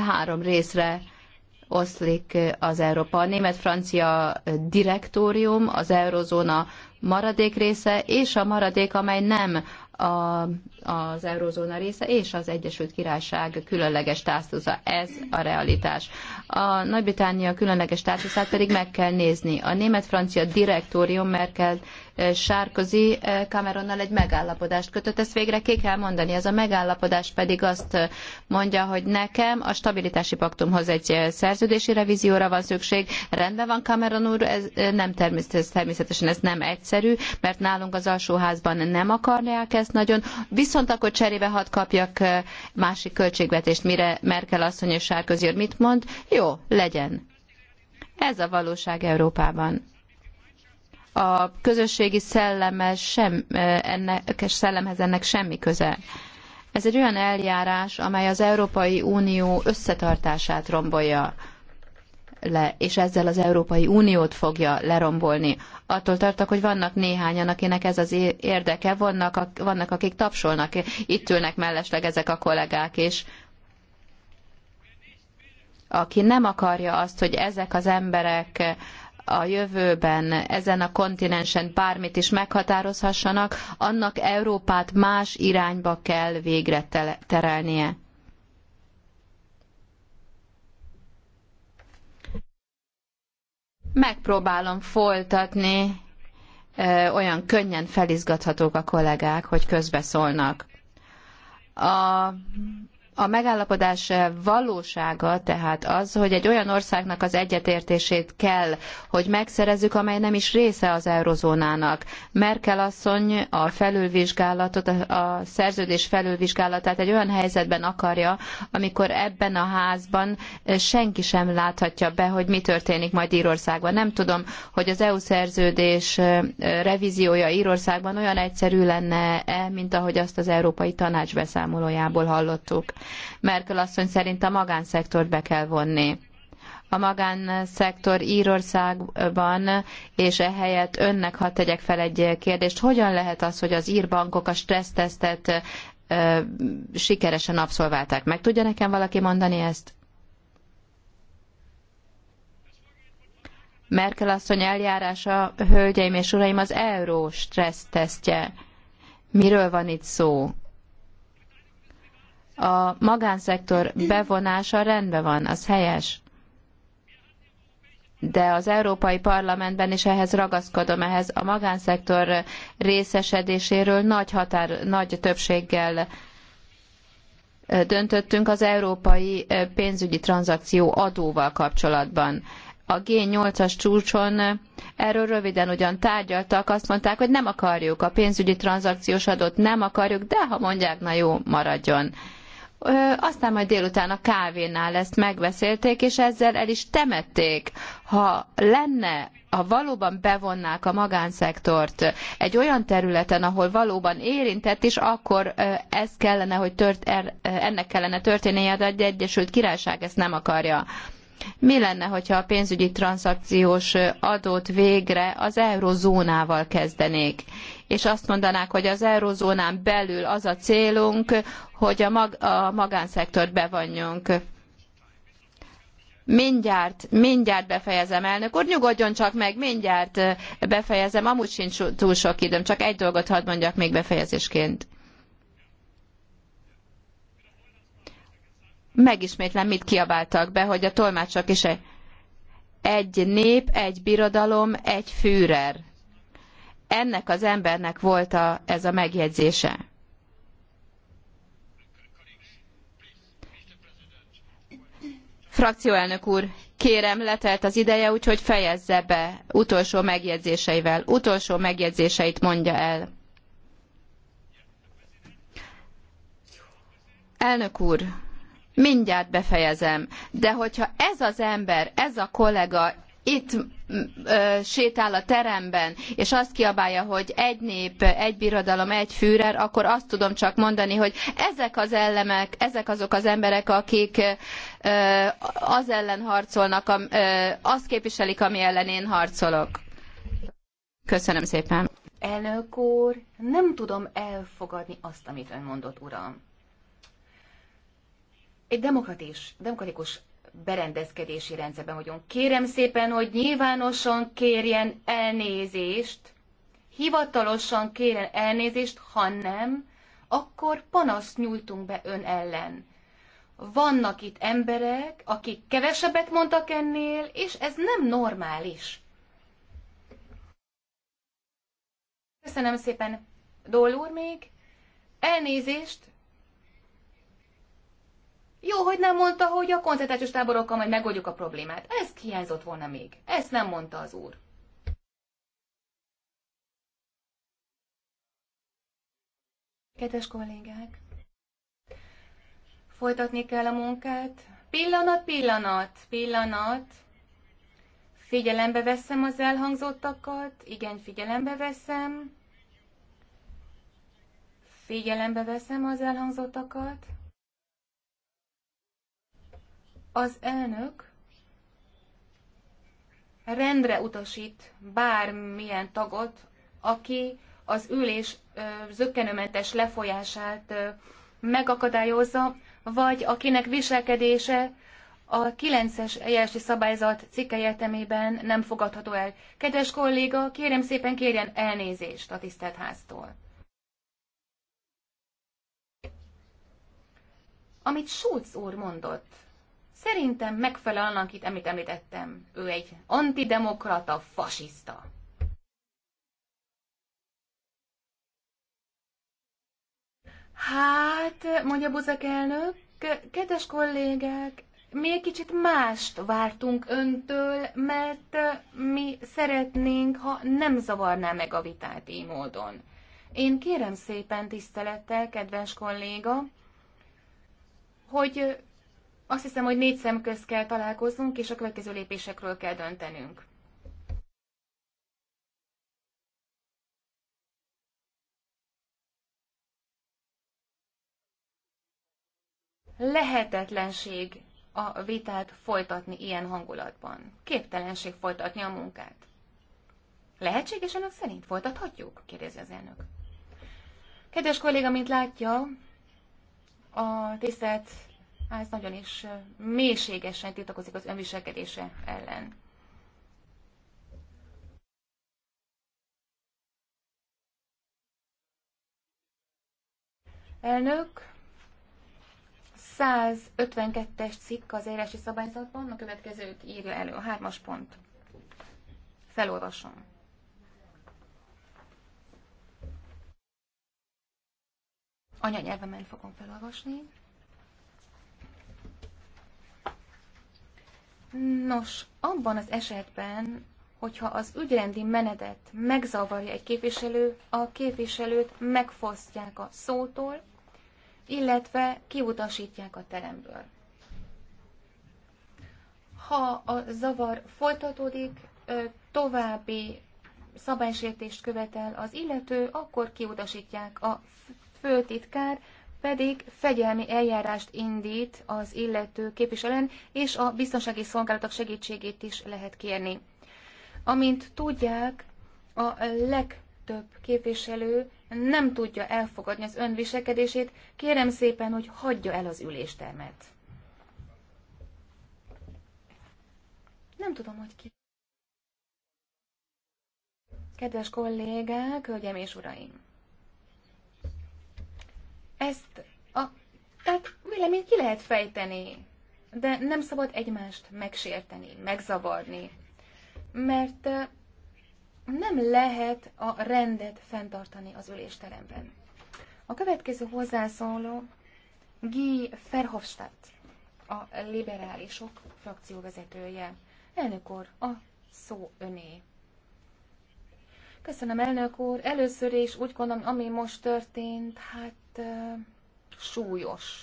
három részre oszlik az Európa. A német-francia direktórium, az eurozóna maradék része, és a maradék, amely nem a az eurozóna része és az Egyesült Királyság különleges státusza. Ez a realitás. A nagy británia különleges státuszát pedig meg kell nézni. A német-francia direktórium Merkel eh, Sárkozi eh, Cameronnal egy megállapodást kötött, ezt végre ki kell mondani. Ez a megállapodás pedig azt eh, mondja, hogy nekem a stabilitási paktumhoz egy szerződési revízióra van szükség. Rendben van, Cameron úr, ez nem természetesen, természetesen ez nem egyszerű, mert nálunk az alsóházban nem akarják ezt nagyon. Viszont viszont akkor cserébe hadd kapjak másik költségvetést, mire Merkel asszony és Sárközi mit mond. Jó, legyen. Ez a valóság Európában. A közösségi szellemhez, sem, ennek, szellemhez ennek semmi köze. Ez egy olyan eljárás, amely az Európai Unió összetartását rombolja le, és ezzel az Európai Uniót fogja lerombolni. Attól tartok, hogy vannak néhányan, akinek ez az érdeke, vannak, vannak akik tapsolnak, itt ülnek mellesleg ezek a kollégák, és aki nem akarja azt, hogy ezek az emberek a jövőben ezen a kontinensen bármit is meghatározhassanak, annak Európát más irányba kell végre terelnie. megpróbálom folytatni, olyan könnyen felizgathatók a kollégák, hogy közbeszólnak. A a megállapodás valósága tehát az, hogy egy olyan országnak az egyetértését kell, hogy megszerezzük, amely nem is része az eurozónának. Merkel asszony a felülvizsgálatot, a szerződés felülvizsgálatát egy olyan helyzetben akarja, amikor ebben a házban senki sem láthatja be, hogy mi történik majd Írországban. Nem tudom, hogy az EU szerződés revíziója Írországban olyan egyszerű lenne-e, mint ahogy azt az Európai Tanács beszámolójából hallottuk. Merkel asszony szerint a magánszektort be kell vonni. A magánszektor Írországban, és ehelyett önnek hadd tegyek fel egy kérdést, hogyan lehet az, hogy az bankok a stressztesztet sikeresen abszolválták? Meg tudja nekem valaki mondani ezt? Merkel asszony eljárása, hölgyeim és uraim, az euró stressztesztje. Miről van itt szó? a magánszektor bevonása rendben van, az helyes. De az Európai Parlamentben is ehhez ragaszkodom, ehhez a magánszektor részesedéséről nagy, határ, nagy többséggel döntöttünk az európai pénzügyi tranzakció adóval kapcsolatban. A G8-as csúcson erről röviden ugyan tárgyaltak, azt mondták, hogy nem akarjuk a pénzügyi tranzakciós adót, nem akarjuk, de ha mondják, na jó, maradjon aztán majd délután a kávénál ezt megbeszélték, és ezzel el is temették. Ha lenne, ha valóban bevonnák a magánszektort egy olyan területen, ahol valóban érintett is, akkor ez kellene, hogy tört, er, ennek kellene történnie, de egy Egyesült Királyság ezt nem akarja. Mi lenne, hogyha a pénzügyi tranzakciós adót végre az eurozónával kezdenék? és azt mondanák, hogy az eurozónán belül az a célunk, hogy a, mag, a magánszektort bevonjunk. Mindjárt, mindjárt befejezem, elnök úr, nyugodjon csak meg, mindjárt befejezem, amúgy sincs túl sok időm, csak egy dolgot hadd mondjak még befejezésként. megismétlem, mit kiabáltak be, hogy a tolmácsok is egy, egy nép, egy birodalom, egy fűrer. Ennek az embernek volt a, ez a megjegyzése. Frakcióelnök úr, kérem, letelt az ideje, úgyhogy fejezze be utolsó megjegyzéseivel. Utolsó megjegyzéseit mondja el. Elnök úr, Mindjárt befejezem. De hogyha ez az ember, ez a kollega itt ö, sétál a teremben, és azt kiabálja, hogy egy nép, egy birodalom, egy fűrer, akkor azt tudom csak mondani, hogy ezek az elemek, ezek azok az emberek, akik ö, az ellen harcolnak, ö, azt képviselik, ami ellen én harcolok. Köszönöm szépen. Elnök úr, nem tudom elfogadni azt, amit ön mondott, uram egy demokratikus, demokratikus berendezkedési rendszerben vagyunk. Kérem szépen, hogy nyilvánosan kérjen elnézést, hivatalosan kérjen elnézést, ha nem, akkor panaszt nyújtunk be ön ellen. Vannak itt emberek, akik kevesebbet mondtak ennél, és ez nem normális. Köszönöm szépen, Dól úr még. Elnézést, hogy nem mondta, hogy a koncentrációs táborokkal majd megoldjuk a problémát. Ez hiányzott volna még. Ezt nem mondta az úr. Kedves kollégák! Folytatni kell a munkát. Pillanat, pillanat, pillanat. Figyelembe veszem az elhangzottakat. Igen, figyelembe veszem. Figyelembe veszem az elhangzottakat az elnök rendre utasít bármilyen tagot, aki az ülés zöggenőmentes lefolyását megakadályozza, vagy akinek viselkedése a 9-es eljárási szabályzat cikke értelmében nem fogadható el. Kedves kolléga, kérem szépen kérjen elnézést a tisztelt háztól. Amit Schulz úr mondott, Szerintem megfelel annak, itt, amit említettem. Ő egy antidemokrata, fasiszta. Hát, mondja Buzek elnök, kedves kollégák, mi egy kicsit mást vártunk öntől, mert mi szeretnénk, ha nem zavarná meg a vitát így módon. Én kérem szépen tisztelettel, kedves kolléga, hogy azt hiszem, hogy négy szemköz kell találkoznunk, és a következő lépésekről kell döntenünk. lehetetlenség a vitát folytatni ilyen hangulatban. Képtelenség folytatni a munkát. Lehetséges önök szerint folytathatjuk? kérdezi az elnök. Kedves kolléga, mint látja, a tisztelt ez nagyon is mélységesen tiltakozik az önviselkedése ellen. Elnök, 152-es cikk az érási szabályzatban, a következőt írja elő, a hármas pont. Felolvasom. Anyanyelvemen fogom felolvasni. Nos, abban az esetben, hogyha az ügyrendi menetet megzavarja egy képviselő, a képviselőt megfosztják a szótól, illetve kiutasítják a teremből. Ha a zavar folytatódik, további szabálysértést követel az illető, akkor kiutasítják a főtitkár, pedig fegyelmi eljárást indít az illető képviselőn, és a biztonsági szolgálatok segítségét is lehet kérni. Amint tudják, a legtöbb képviselő nem tudja elfogadni az önviselkedését, kérem szépen, hogy hagyja el az üléstermet. Nem tudom, hogy ki. Kedves kollégák, hölgyem és uraim! Ezt a, tehát véleményt ki lehet fejteni, de nem szabad egymást megsérteni, megzavarni, mert nem lehet a rendet fenntartani az ülésteremben. A következő hozzászóló Guy Verhofstadt, a liberálisok frakcióvezetője. Elnök úr, a szó öné. Köszönöm, elnök úr. Először is úgy gondolom, ami most történt, hát súlyos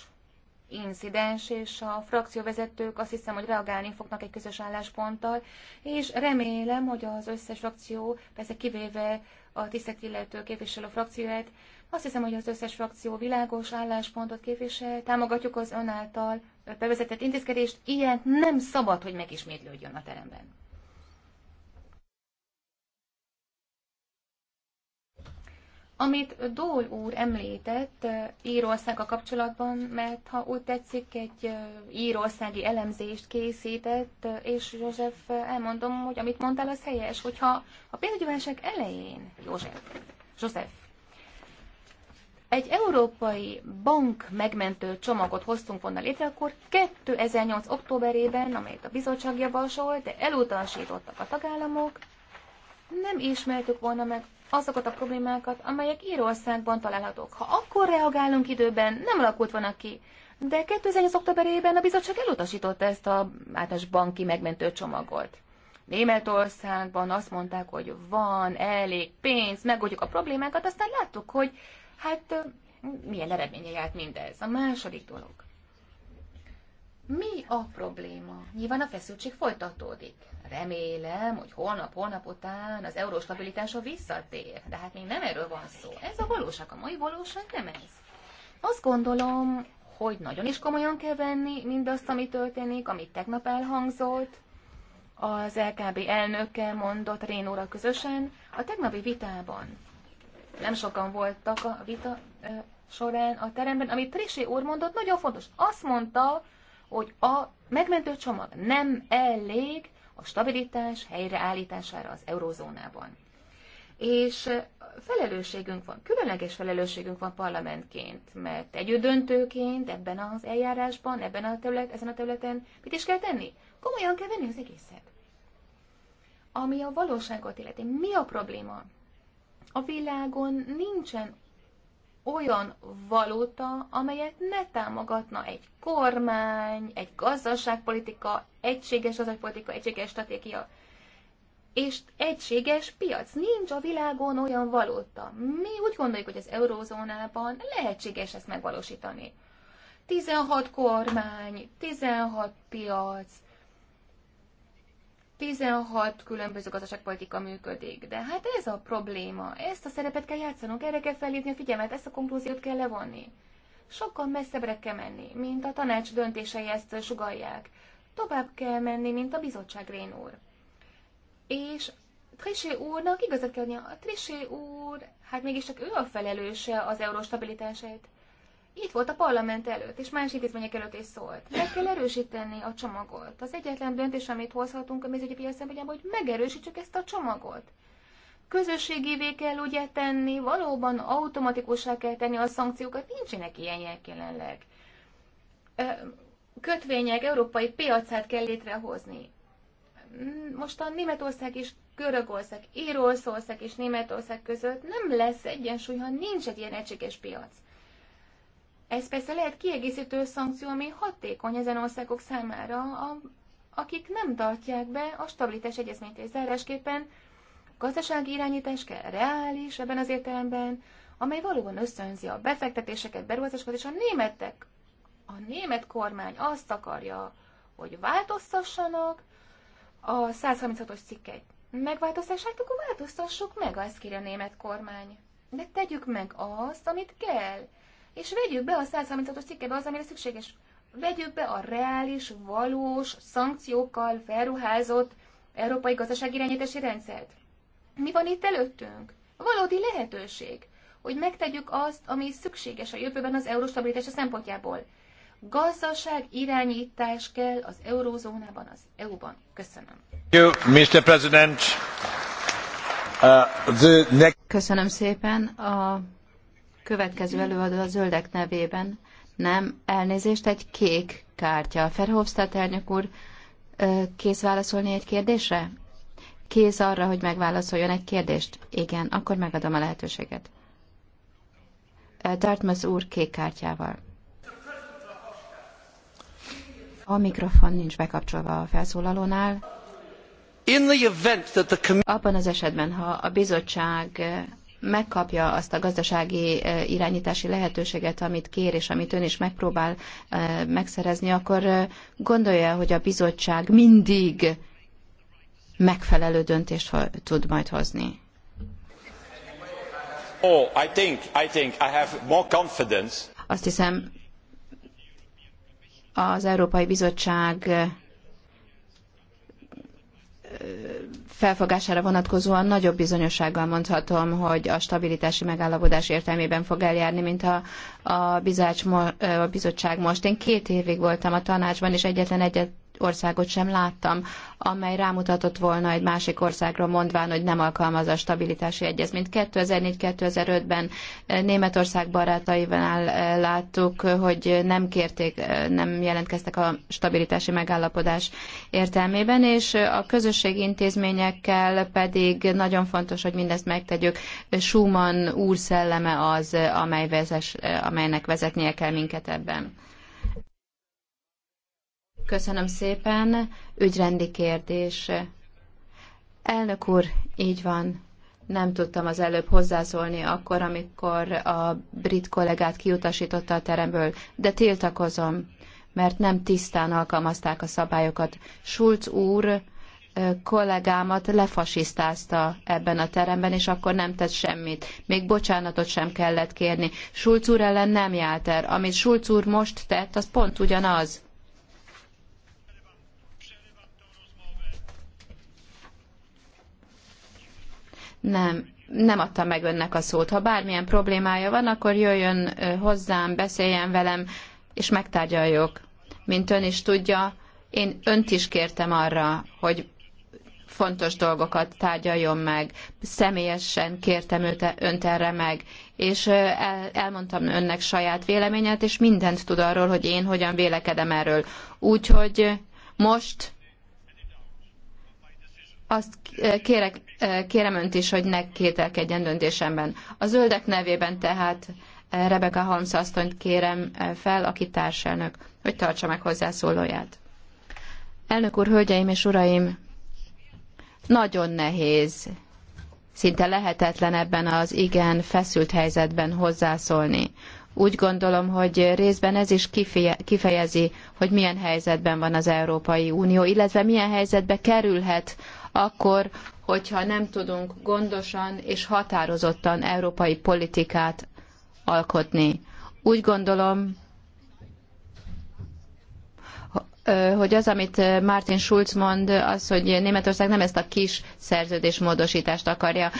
incidens, és a frakcióvezetők azt hiszem, hogy reagálni fognak egy közös állásponttal, és remélem, hogy az összes frakció, persze kivéve a tisztelt illető képviselő frakcióját, azt hiszem, hogy az összes frakció világos álláspontot képvisel, támogatjuk az ön által bevezetett intézkedést, ilyen nem szabad, hogy megismétlődjön a teremben. Amit Dól úr említett eh, Írországa kapcsolatban, mert ha úgy tetszik, egy eh, írországi elemzést készített, eh, és József, elmondom, hogy amit mondtál, az helyes, hogyha a pénzügyi válság elején, József, József, egy európai bank megmentő csomagot hoztunk volna létre, akkor 2008. októberében, amelyet a bizottság javasolt, de elutasítottak a tagállamok, nem ismertük volna meg azokat a problémákat, amelyek Írországban találhatók. Ha akkor reagálunk időben, nem alakult volna ki. De 2008. októberében a bizottság elutasította ezt a általános banki megmentő csomagot. Németországban azt mondták, hogy van elég pénz, megoldjuk a problémákat, aztán láttuk, hogy hát milyen eredménye járt mindez. A második dolog. Mi a probléma? Nyilván a feszültség folytatódik. Remélem, hogy holnap, holnap után az euró stabilitása visszatér, de hát még nem erről van szó. Ez a valóság, a mai valóság nem ez. Azt gondolom, hogy nagyon is komolyan kell venni mindazt, ami történik, amit tegnap elhangzott, az LKB elnöke mondott Rénóra közösen a tegnapi vitában. Nem sokan voltak a vita ö, során a teremben, amit Trisé úr mondott, nagyon fontos. Azt mondta, hogy a megmentő csomag nem elég a stabilitás helyreállítására az eurozónában. És felelősségünk van, különleges felelősségünk van parlamentként, mert együttdöntőként ebben az eljárásban, ebben a terület, ezen a területen mit is kell tenni? Komolyan kell venni az egészet. Ami a valóságot illeti, mi a probléma? A világon nincsen olyan valuta, amelyet ne támogatna egy kormány, egy gazdaságpolitika, egységes gazdaságpolitika, egységes stratégia, és egységes piac. Nincs a világon olyan valuta. Mi úgy gondoljuk, hogy az eurózónában lehetséges ezt megvalósítani. 16 kormány, 16 piac, 16 különböző gazdaságpolitika működik. De hát ez a probléma. Ezt a szerepet kell játszanunk, erre kell felhívni a figyelmet, ezt a konklúziót kell levonni. Sokkal messzebbre kell menni, mint a tanács döntései ezt sugalják. Tovább kell menni, mint a bizottság Rén úr. És Trisé úrnak igazat kell adni. A Trisé úr, hát mégiscsak ő a felelőse az euró stabilitásért itt volt a parlament előtt, és más intézmények előtt is szólt. Meg kell erősíteni a csomagot. Az egyetlen döntés, amit hozhatunk a mézőgyi piac hogy megerősítsük ezt a csomagot. Közösségévé kell ugye tenni, valóban automatikussá kell tenni a szankciókat, nincsenek ilyenek jelenleg. Kötvények európai piacát kell létrehozni. Mm, most a Németország és Görögország, Írószország és Németország között nem lesz egyensúly, ha nincs egy ilyen egységes piac ez persze lehet kiegészítő szankció, ami hatékony ezen országok számára, a, akik nem tartják be a stabilitás egyezményt és zárásképpen gazdasági irányítás kell reális ebben az értelemben, amely valóban összönzi a befektetéseket, beruházásokat, és a németek, a német kormány azt akarja, hogy változtassanak a 136-os cikkeit. megváltoztassák, akkor változtassuk meg, azt kéri a német kormány. De tegyük meg azt, amit kell és vegyük be a 136-os cikkebe az, amire szükséges. Vegyük be a reális, valós, szankciókkal felruházott európai gazdaság irányítási rendszert. Mi van itt előttünk? valódi lehetőség, hogy megtegyük azt, ami szükséges a jövőben az euró stabilitása szempontjából. Gazdaság irányítás kell az eurózónában, az EU-ban. Köszönöm. Mr. President. Uh, Köszönöm szépen. A Következő előadó a zöldek nevében. Nem, elnézést, egy kék kártya. Ferhofstadt elnök úr, kész válaszolni egy kérdésre? Kész arra, hogy megválaszoljon egy kérdést? Igen, akkor megadom a lehetőséget. Dartmouth úr kék kártyával. A mikrofon nincs bekapcsolva a felszólalónál. Abban az esetben, ha a bizottság megkapja azt a gazdasági irányítási lehetőséget, amit kér, és amit ön is megpróbál megszerezni, akkor gondolja, hogy a bizottság mindig megfelelő döntést tud majd hozni? Oh, I think, I think I have more confidence. Azt hiszem, az Európai Bizottság felfogására vonatkozóan nagyobb bizonyossággal mondhatom, hogy a stabilitási megállapodás értelmében fog eljárni, mint a, a, bizács, a bizottság most. Én két évig voltam a tanácsban, és egyetlen egyet országot sem láttam, amely rámutatott volna egy másik országra mondván, hogy nem alkalmazza a stabilitási egyezményt. 2004-2005-ben eh, Németország barátaival eh, láttuk, hogy nem kérték, eh, nem jelentkeztek a stabilitási megállapodás értelmében, és a közösségi intézményekkel pedig nagyon fontos, hogy mindezt megtegyük. Schumann úr szelleme az, amely vezes, amelynek vezetnie kell minket ebben. Köszönöm szépen. Ügyrendi kérdés. Elnök úr, így van. Nem tudtam az előbb hozzászólni akkor, amikor a brit kollégát kiutasította a teremből, de tiltakozom, mert nem tisztán alkalmazták a szabályokat. Schulz úr kollégámat lefasisztázta ebben a teremben, és akkor nem tett semmit. Még bocsánatot sem kellett kérni. Schulz úr ellen nem járt el. Amit Schulz úr most tett, az pont ugyanaz. Nem, nem adtam meg önnek a szót. Ha bármilyen problémája van, akkor jöjjön hozzám, beszéljen velem, és megtárgyaljuk. Mint ön is tudja, én önt is kértem arra, hogy fontos dolgokat tárgyaljon meg. Személyesen kértem őt, önt erre meg, és el, elmondtam önnek saját véleményet, és mindent tud arról, hogy én hogyan vélekedem erről. Úgyhogy most azt kérek, kérem önt is, hogy ne kételkedjen döntésemben. A zöldek nevében tehát Rebecca Holmes asszonyt kérem fel, aki társelnök, hogy tartsa meg hozzászólóját. Elnök úr, hölgyeim és uraim, nagyon nehéz, szinte lehetetlen ebben az igen feszült helyzetben hozzászólni. Úgy gondolom, hogy részben ez is kifejezi, hogy milyen helyzetben van az Európai Unió, illetve milyen helyzetbe kerülhet akkor, hogyha nem tudunk gondosan és határozottan európai politikát alkotni. Úgy gondolom, hogy az, amit Martin Schulz mond, az, hogy Németország nem ezt a kis szerződés módosítást akarja,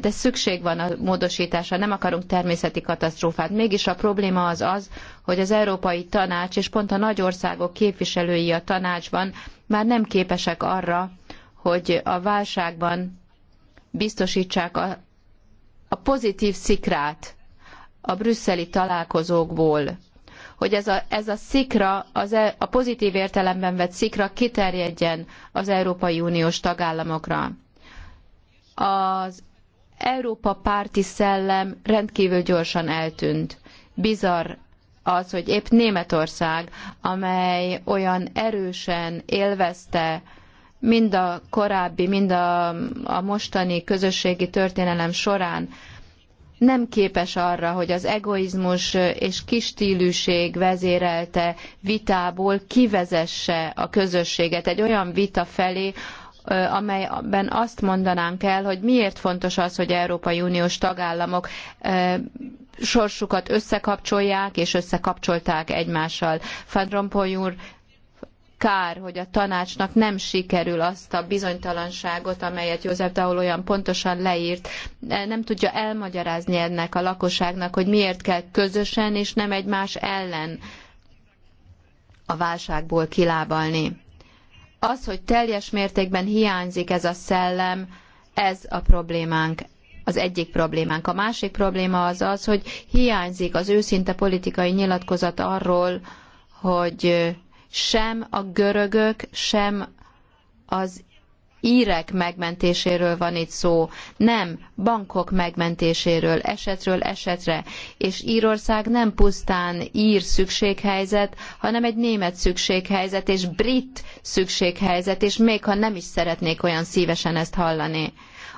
de szükség van a módosításra, nem akarunk természeti katasztrófát. Mégis a probléma az az, hogy az Európai Tanács és pont a nagy országok képviselői a tanácsban már nem képesek arra, hogy a válságban biztosítsák a, a pozitív szikrát a brüsszeli találkozókból, hogy ez a, ez a szikra, az, e, a pozitív értelemben vett szikra kiterjedjen az Európai Uniós tagállamokra. Az Európa párti szellem rendkívül gyorsan eltűnt. Bizarr az, hogy épp Németország, amely olyan erősen élvezte mind a korábbi, mind a, a mostani közösségi történelem során nem képes arra, hogy az egoizmus és kistílűség vezérelte vitából kivezesse a közösséget egy olyan vita felé, amelyben azt mondanánk el, hogy miért fontos az, hogy Európai Uniós tagállamok sorsukat összekapcsolják és összekapcsolták egymással. Fadrompoly úr kár, hogy a tanácsnak nem sikerül azt a bizonytalanságot, amelyet József Daul olyan pontosan leírt, e, nem tudja elmagyarázni ennek a lakosságnak, hogy miért kell közösen és nem egymás ellen a válságból kilábalni. Az, hogy teljes mértékben hiányzik ez a szellem, ez a problémánk az egyik problémánk. A másik probléma az az, hogy hiányzik az őszinte politikai nyilatkozat arról, hogy sem a görögök, sem az írek megmentéséről van itt szó, nem bankok megmentéséről, esetről esetre, és Írország nem pusztán ír szükséghelyzet, hanem egy német szükséghelyzet és brit szükséghelyzet, és még ha nem is szeretnék olyan szívesen ezt hallani.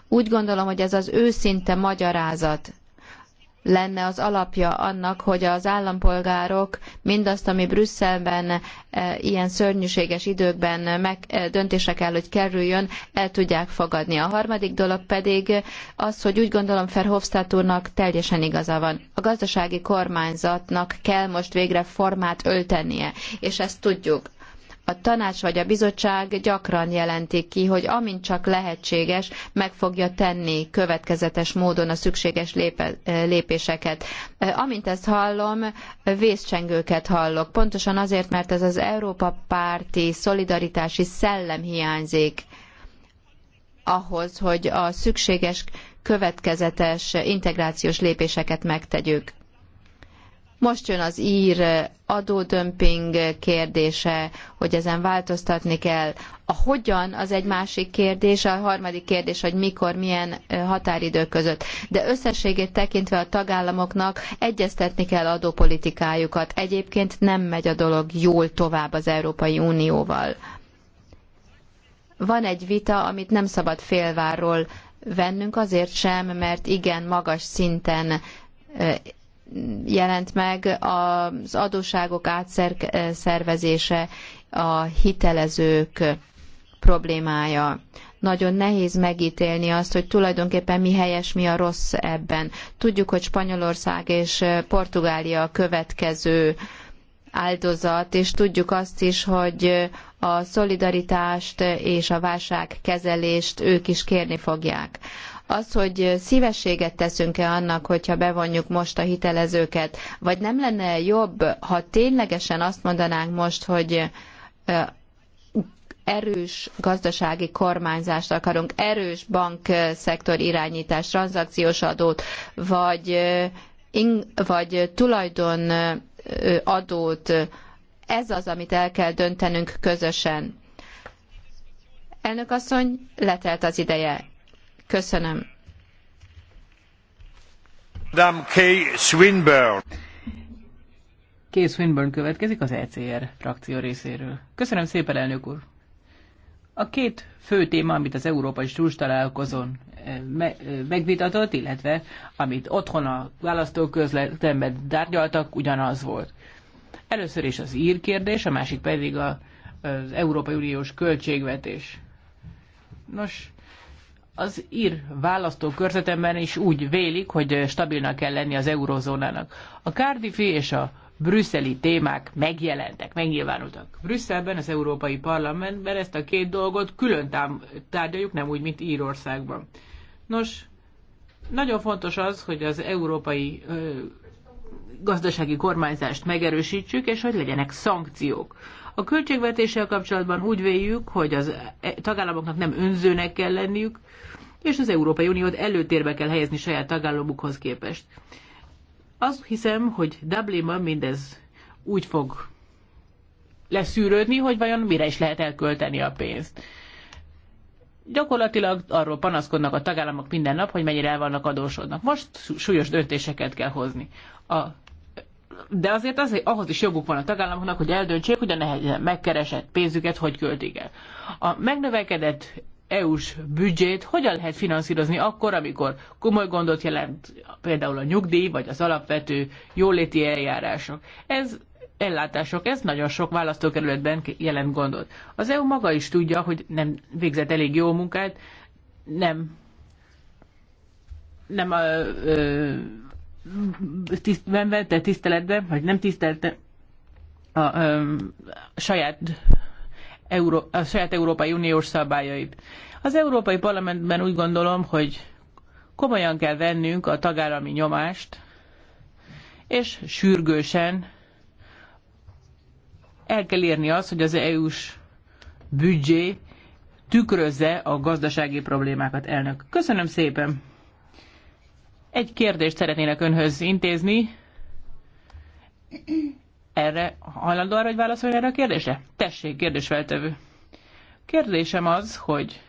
Úgy gondolom, hogy ez az őszinte magyarázat lenne az alapja annak, hogy az állampolgárok mindazt, ami Brüsszelben e, ilyen szörnyűséges időkben meg, e, döntésre kell, hogy kerüljön, el tudják fogadni. A harmadik dolog pedig az, hogy úgy gondolom Verhofstadt úrnak teljesen igaza van. A gazdasági kormányzatnak kell most végre formát öltenie, és ezt tudjuk a tanács vagy a bizottság gyakran jelenti ki, hogy amint csak lehetséges, meg fogja tenni következetes módon a szükséges eh, lépéseket. Eh, amint ezt hallom, vészcsengőket hallok. Pontosan azért, mert ez az Európa párti szolidaritási szellem hiányzik ahhoz, hogy a szükséges következetes integrációs lépéseket megtegyük. Most jön az ír adódömping kérdése, hogy ezen változtatni kell. A hogyan az egy másik kérdés, a harmadik kérdés, hogy mikor, milyen határidő között. De összességét tekintve a tagállamoknak egyeztetni kell adópolitikájukat. Egyébként nem megy a dolog jól tovább az Európai Unióval. Van egy vita, amit nem szabad félvárról vennünk azért sem, mert igen magas szinten jelent meg az adósságok átszervezése, a hitelezők problémája. Nagyon nehéz megítélni azt, hogy tulajdonképpen mi helyes, mi a rossz ebben. Tudjuk, hogy Spanyolország és Portugália a következő áldozat, és tudjuk azt is, hogy a szolidaritást és a válságkezelést ők is kérni fogják. Az, hogy szívességet teszünk-e annak, hogyha bevonjuk most a hitelezőket, vagy nem lenne jobb, ha ténylegesen azt mondanánk most, hogy erős gazdasági kormányzást akarunk, erős bankszektor irányítás, tranzakciós adót, vagy, vagy tulajdon adót. Ez az, amit el kell döntenünk közösen. Elnök asszony, letelt az ideje. Köszönöm. Madame K. Swinburne. K. Swinburne következik az ECR frakció részéről. Köszönöm szépen, elnök úr. A két fő téma, amit az Európai Csúcs találkozón eh, eh, megvitatott, illetve amit otthon a választóközletemben tárgyaltak, ugyanaz volt. Először is az ír kérdés, a másik pedig a, az Európai Uniós költségvetés. Nos, az ír választókörzetemben is úgy vélik, hogy stabilnak kell lenni az eurozónának. A Cardiffi és a brüsszeli témák megjelentek, megnyilvánultak. Brüsszelben, az Európai Parlamentben ezt a két dolgot külön tárgyaljuk, nem úgy, mint Írországban. Nos, nagyon fontos az, hogy az európai ö, gazdasági kormányzást megerősítsük, és hogy legyenek szankciók. A költségvetéssel kapcsolatban úgy véljük, hogy az e, tagállamoknak nem önzőnek kell lenniük, és az Európai Uniót előtérbe kell helyezni saját tagállamukhoz képest. Azt hiszem, hogy Dublinban mindez úgy fog leszűrődni, hogy vajon mire is lehet elkölteni a pénzt. Gyakorlatilag arról panaszkodnak a tagállamok minden nap, hogy mennyire el vannak adósodnak. Most súlyos döntéseket kell hozni. A de azért az, ahhoz is joguk van a tagállamoknak, hogy eldöntsék, hogy a nehezen megkeresett pénzüket hogy költik el. A megnövekedett EU-s büdzsét hogyan lehet finanszírozni akkor, amikor komoly gondot jelent például a nyugdíj, vagy az alapvető jóléti eljárások. Ez ellátások, ez nagyon sok választókerületben jelent gondot. Az EU maga is tudja, hogy nem végzett elég jó munkát, nem nem a, ö, tisztben vette tiszteletbe, vagy nem tisztelte a, a, a saját Euró, a saját Európai Uniós szabályait. Az Európai Parlamentben úgy gondolom, hogy komolyan kell vennünk a tagállami nyomást, és sürgősen el kell érni azt, hogy az EU-s büdzsé tükrözze a gazdasági problémákat, elnök. Köszönöm szépen! Egy kérdést szeretnének önhöz intézni. Erre hajlandó arra, hogy válaszoljon erre a kérdésre? Tessék, kérdésfeltevő. Kérdésem az, hogy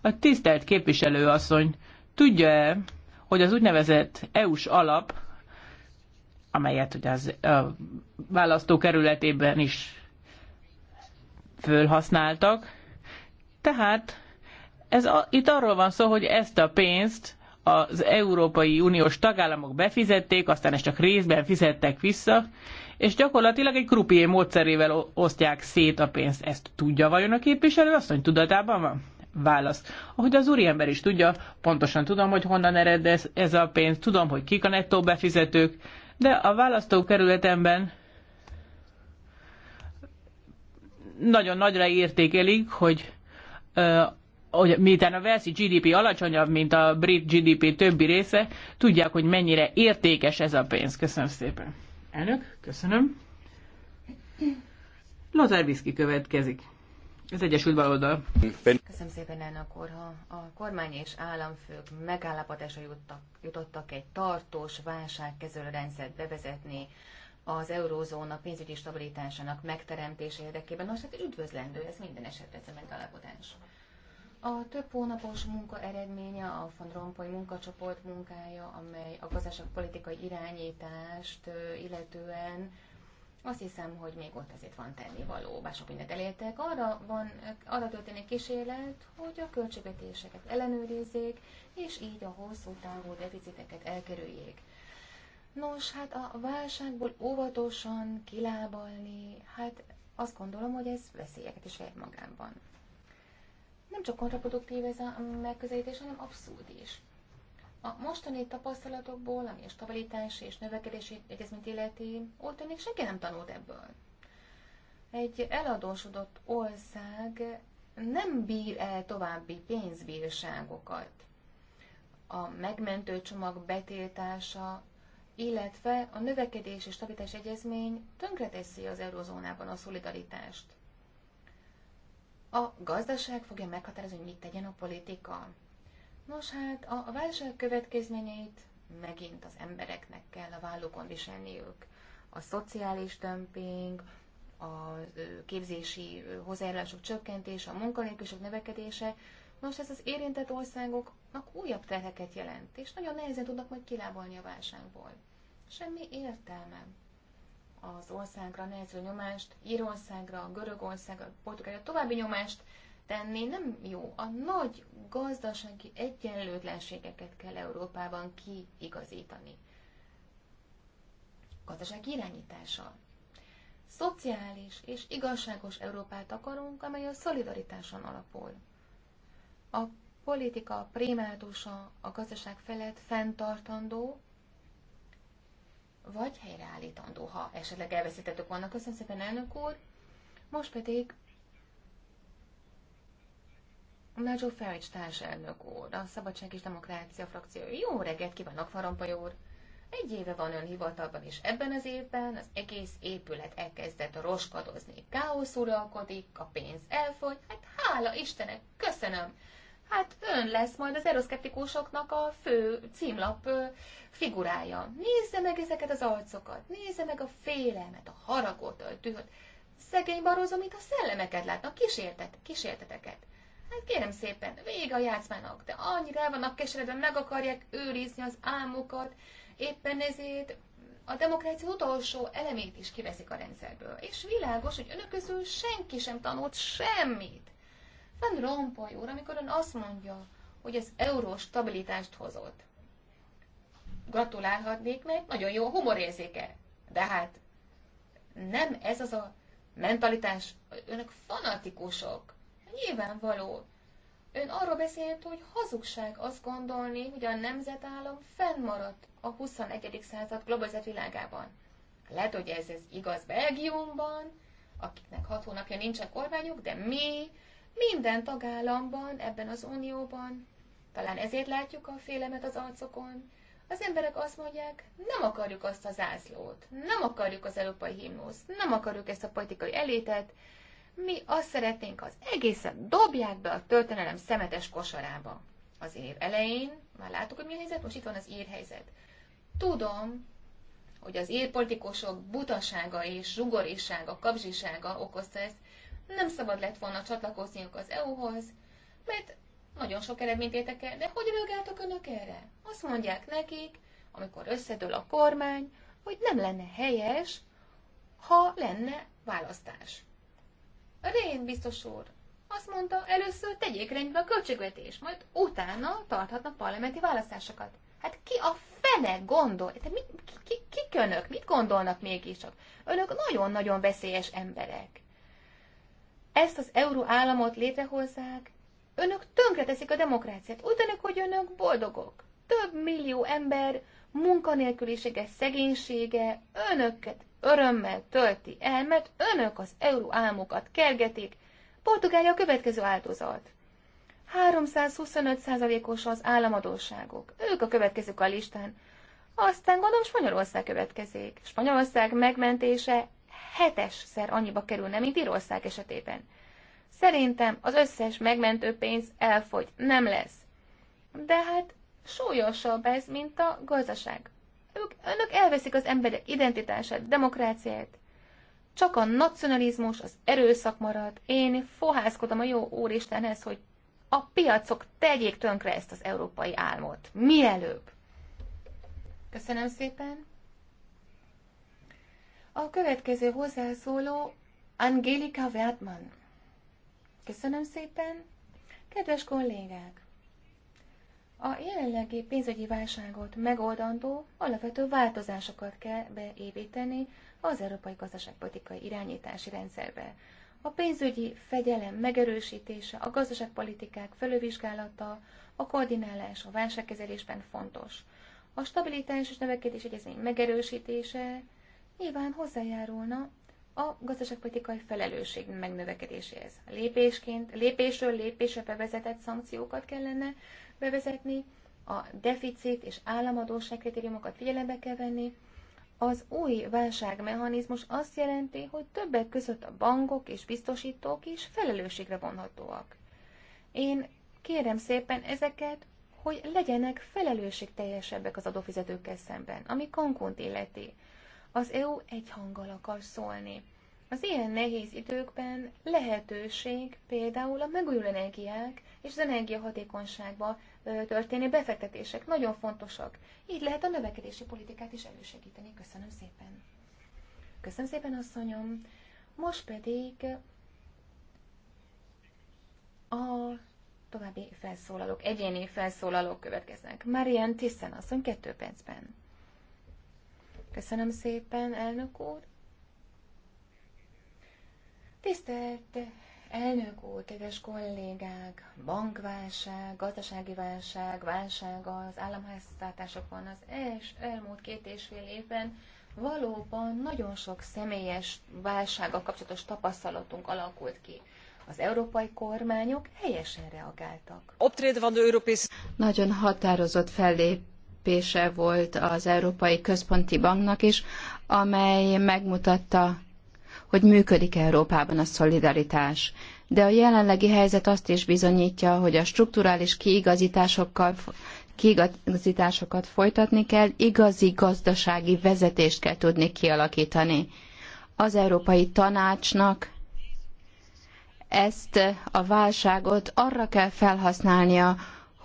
a tisztelt képviselőasszony tudja-e, hogy az úgynevezett EU-s alap, amelyet ugye az a választókerületében is fölhasználtak, tehát ez a, itt arról van szó, hogy ezt a pénzt az Európai Uniós tagállamok befizették, aztán ezt csak részben fizettek vissza, és gyakorlatilag egy krupié módszerével osztják szét a pénzt. Ezt tudja vajon a képviselő asszony? Tudatában van? Válasz. Ahogy az úriember is tudja, pontosan tudom, hogy honnan ered ez, ez a pénz, tudom, hogy kik a nettó befizetők, de a választókerületemben nagyon nagyra értékelik, hogy hogy miután a Velszi GDP alacsonyabb, mint a brit GDP többi része, tudják, hogy mennyire értékes ez a pénz. Köszönöm szépen. Elnök, köszönöm. Lothar Biszki következik. Ez Egyesült Baloldal. Köszönöm szépen, elnök úr. Ha a kormány és államfők megállapodásra jutottak, jutottak egy tartós válságkezelő rendszert bevezetni, az eurózóna pénzügyi stabilitásának megteremtése érdekében, most hát üdvözlendő, ez minden esetre ez a megállapotás. A több hónapos munka eredménye a Van Rompuy munkacsoport munkája, amely a gazdaságpolitikai irányítást illetően azt hiszem, hogy még ott azért van tennivaló, bár sok mindent elértek. Arra, van, arra történik kísérlet, hogy a költségvetéseket ellenőrizzék, és így a hosszú távú deficiteket elkerüljék. Nos, hát a válságból óvatosan kilábalni, hát azt gondolom, hogy ez veszélyeket is rejt magában. Nem csak kontraproduktív ez a megközelítés, hanem abszurd is. A mostani tapasztalatokból, ami a stabilitás és növekedési egyezményt illeti, úgy tűnik senki nem tanult ebből. Egy eladósodott ország nem bír el további pénzbírságokat. A megmentő csomag betiltása, illetve a növekedés és stabilitás egyezmény tönkreteszi az eurozónában a szolidaritást. A gazdaság fogja meghatározni, hogy mit tegyen a politika. Nos hát, a, válság következményeit megint az embereknek kell a vállukon viselniük. A szociális dömping, a képzési hozzájárulások csökkentése, a munkanélküliség növekedése, Nos, ez az érintett országoknak újabb terheket jelent, és nagyon nehezen tudnak majd kilábalni a válságból. Semmi értelme az országra nehező nyomást, Írországra, Görögországra, Portugália további nyomást tenni nem jó. A nagy gazdasági egyenlőtlenségeket kell Európában kiigazítani. Gazdaság irányítása. Szociális és igazságos Európát akarunk, amely a szolidaritáson alapul. A politika primátusa a gazdaság felett fenntartandó, vagy helyreállítandó, ha esetleg elveszítettük volna. Köszönöm szépen, elnök úr! Most pedig Nigel Farage társelnök úr, a Szabadság és Demokrácia frakció. Jó reggelt kívánok, Farampai úr! Egy éve van ön hivatalban, és ebben az évben az egész épület elkezdett roskadozni. Káosz uralkodik, a pénz elfogy, hát hála Istenek, köszönöm! hát ön lesz majd az eroszkeptikusoknak a fő címlap figurája. Nézze meg ezeket az arcokat, nézze meg a félelmet, a haragot, a dühöt. Szegény Barózó, mint a szellemeket látnak, kísértet, kísérteteket. Hát kérem szépen, vége a játszmának, de annyira el vannak keseredve, meg akarják őrizni az álmukat, éppen ezért a demokrácia utolsó elemét is kiveszik a rendszerből. És világos, hogy önök közül senki sem tanult semmit. Van Rompoy úr, amikor ön azt mondja, hogy az euró stabilitást hozott. Gratulálhatnék, mert nagyon jó humorérzéke. De hát nem ez az a mentalitás, önök fanatikusok. Nyilvánvaló. Ön arról beszélt, hogy hazugság azt gondolni, hogy a nemzetállam fennmaradt a 21. század globalizált világában. Lehet, hogy ez, ez igaz Belgiumban, akiknek hat hónapja nincsen kormányuk, de mi, minden tagállamban, ebben az unióban, talán ezért látjuk a félemet az arcokon, az emberek azt mondják, nem akarjuk azt a zászlót, nem akarjuk az európai himnuszt, nem akarjuk ezt a politikai elétet, mi azt szeretnénk, az egészet dobják be a történelem szemetes kosarába. Az év elején, már láttuk, hogy mi a helyzet, most itt van az ír helyzet. Tudom, hogy az ír politikusok butasága és zsugorissága, kapzsisága okozta ezt, nem szabad lett volna csatlakozniuk az EU-hoz, mert nagyon sok eredményt értek el, de hogy reagáltak önök erre? Azt mondják nekik, amikor összedől a kormány, hogy nem lenne helyes, ha lenne választás. Rén biztos úr azt mondta, először tegyék rendbe a költségvetés, majd utána tarthatnak parlamenti választásokat. Hát ki a fene gondol? Te mit, ki, ki, kik önök? Mit gondolnak mégiscsak? Önök nagyon-nagyon veszélyes emberek ezt az euróállamot létrehozzák, önök tönkreteszik a demokráciát. Úgy tűnik, hogy önök boldogok. Több millió ember munkanélkülisége, szegénysége önöket örömmel tölti el, mert önök az euróálmokat kergetik. Portugália a következő áldozat. 325%-os az államadóságok. Ők a következők a listán. Aztán gondolom Spanyolország következik. Spanyolország megmentése hetesszer annyiba kerülne, mint Írország esetében. Szerintem az összes megmentő pénz elfogy, nem lesz. De hát súlyosabb ez, mint a gazdaság. Ők, önök elveszik az emberek identitását, demokráciát. Csak a nacionalizmus, az erőszak marad. Én fohászkodom a jó Úristenhez, hogy a piacok tegyék tönkre ezt az európai álmot. Mielőbb. Köszönöm szépen. A következő hozzászóló Angelika Wertmann. Köszönöm szépen! Kedves kollégák! A jelenlegi pénzügyi válságot megoldandó alapvető változásokat kell beépíteni az európai gazdaságpolitikai irányítási rendszerbe. A pénzügyi fegyelem megerősítése, a gazdaságpolitikák felővizsgálata, a koordinálás a válságkezelésben fontos. A stabilitás és növekedés egyezmény megerősítése nyilván hozzájárulna a gazdaságpolitikai felelősség megnövekedéséhez. Lépésként, lépésről lépésre bevezetett szankciókat kellene bevezetni, a deficit és államadóság kritériumokat figyelembe kell venni. Az új válságmechanizmus azt jelenti, hogy többek között a bankok és biztosítók is felelősségre vonhatóak. Én kérem szépen ezeket, hogy legyenek felelősségteljesebbek az adófizetőkkel szemben, ami Cancunt illeti. Az EU egy hanggal akar szólni. Az ilyen nehéz időkben lehetőség például a megújuló energiák és az energiahatékonyságba történő befektetések nagyon fontosak. Így lehet a növekedési politikát is elősegíteni. Köszönöm szépen. Köszönöm szépen, asszonyom. Most pedig a további felszólalók, egyéni felszólalók következnek. Marian Tiszen asszony kettő percben. Köszönöm szépen, elnök úr. Tisztelt elnök úr, kedves kollégák, bankválság, gazdasági válság, válság az államháztartásokban az és elmúlt két és fél évben valóban nagyon sok személyes válsággal kapcsolatos tapasztalatunk alakult ki. Az európai kormányok helyesen reagáltak. Nagyon határozott fellép lépése volt az Európai Központi Banknak is, amely megmutatta, hogy működik Európában a szolidaritás. De a jelenlegi helyzet azt is bizonyítja, hogy a strukturális kiigazításokkal kiigazításokat folytatni kell, igazi gazdasági vezetést kell tudni kialakítani. Az Európai Tanácsnak ezt a válságot arra kell felhasználnia,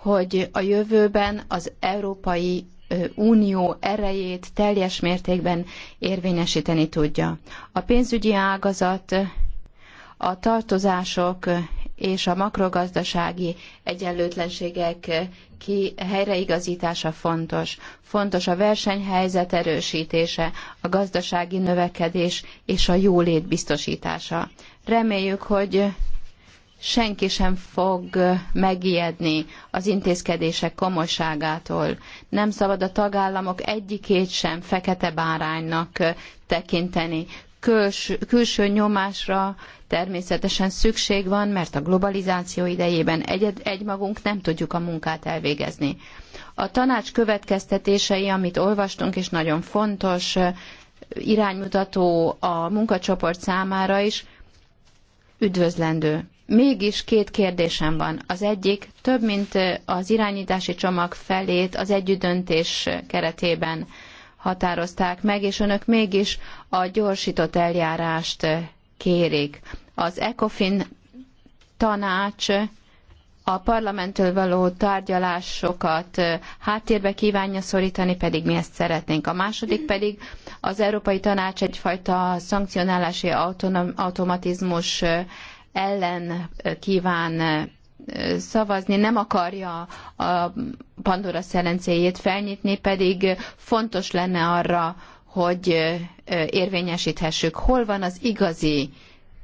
hogy a jövőben az Európai Unió erejét teljes mértékben érvényesíteni tudja. A pénzügyi ágazat, a tartozások és a makrogazdasági egyenlőtlenségek ki helyreigazítása fontos. Fontos a versenyhelyzet erősítése, a gazdasági növekedés és a jólét biztosítása. Reméljük, hogy senki sem fog megijedni az intézkedések komolyságától. Nem szabad a tagállamok egyikét sem fekete báránynak tekinteni. külső nyomásra természetesen szükség van, mert a globalizáció idejében egy, egymagunk nem tudjuk a munkát elvégezni. A tanács következtetései, amit olvastunk, és nagyon fontos eh, iránymutató a munkacsoport számára is, üdvözlendő Mégis két kérdésem van. Az egyik több, mint az irányítási csomag felét az együttdöntés keretében határozták meg, és önök mégis a gyorsított eljárást kérik. Az ECOFIN tanács a parlamenttől való tárgyalásokat háttérbe kívánja szorítani, pedig mi ezt szeretnénk. A második pedig az Európai Tanács egyfajta szankcionálási autonom, automatizmus ellen kíván szavazni, nem akarja a Pandora szelencéjét felnyitni, pedig fontos lenne arra, hogy érvényesíthessük, hol van az igazi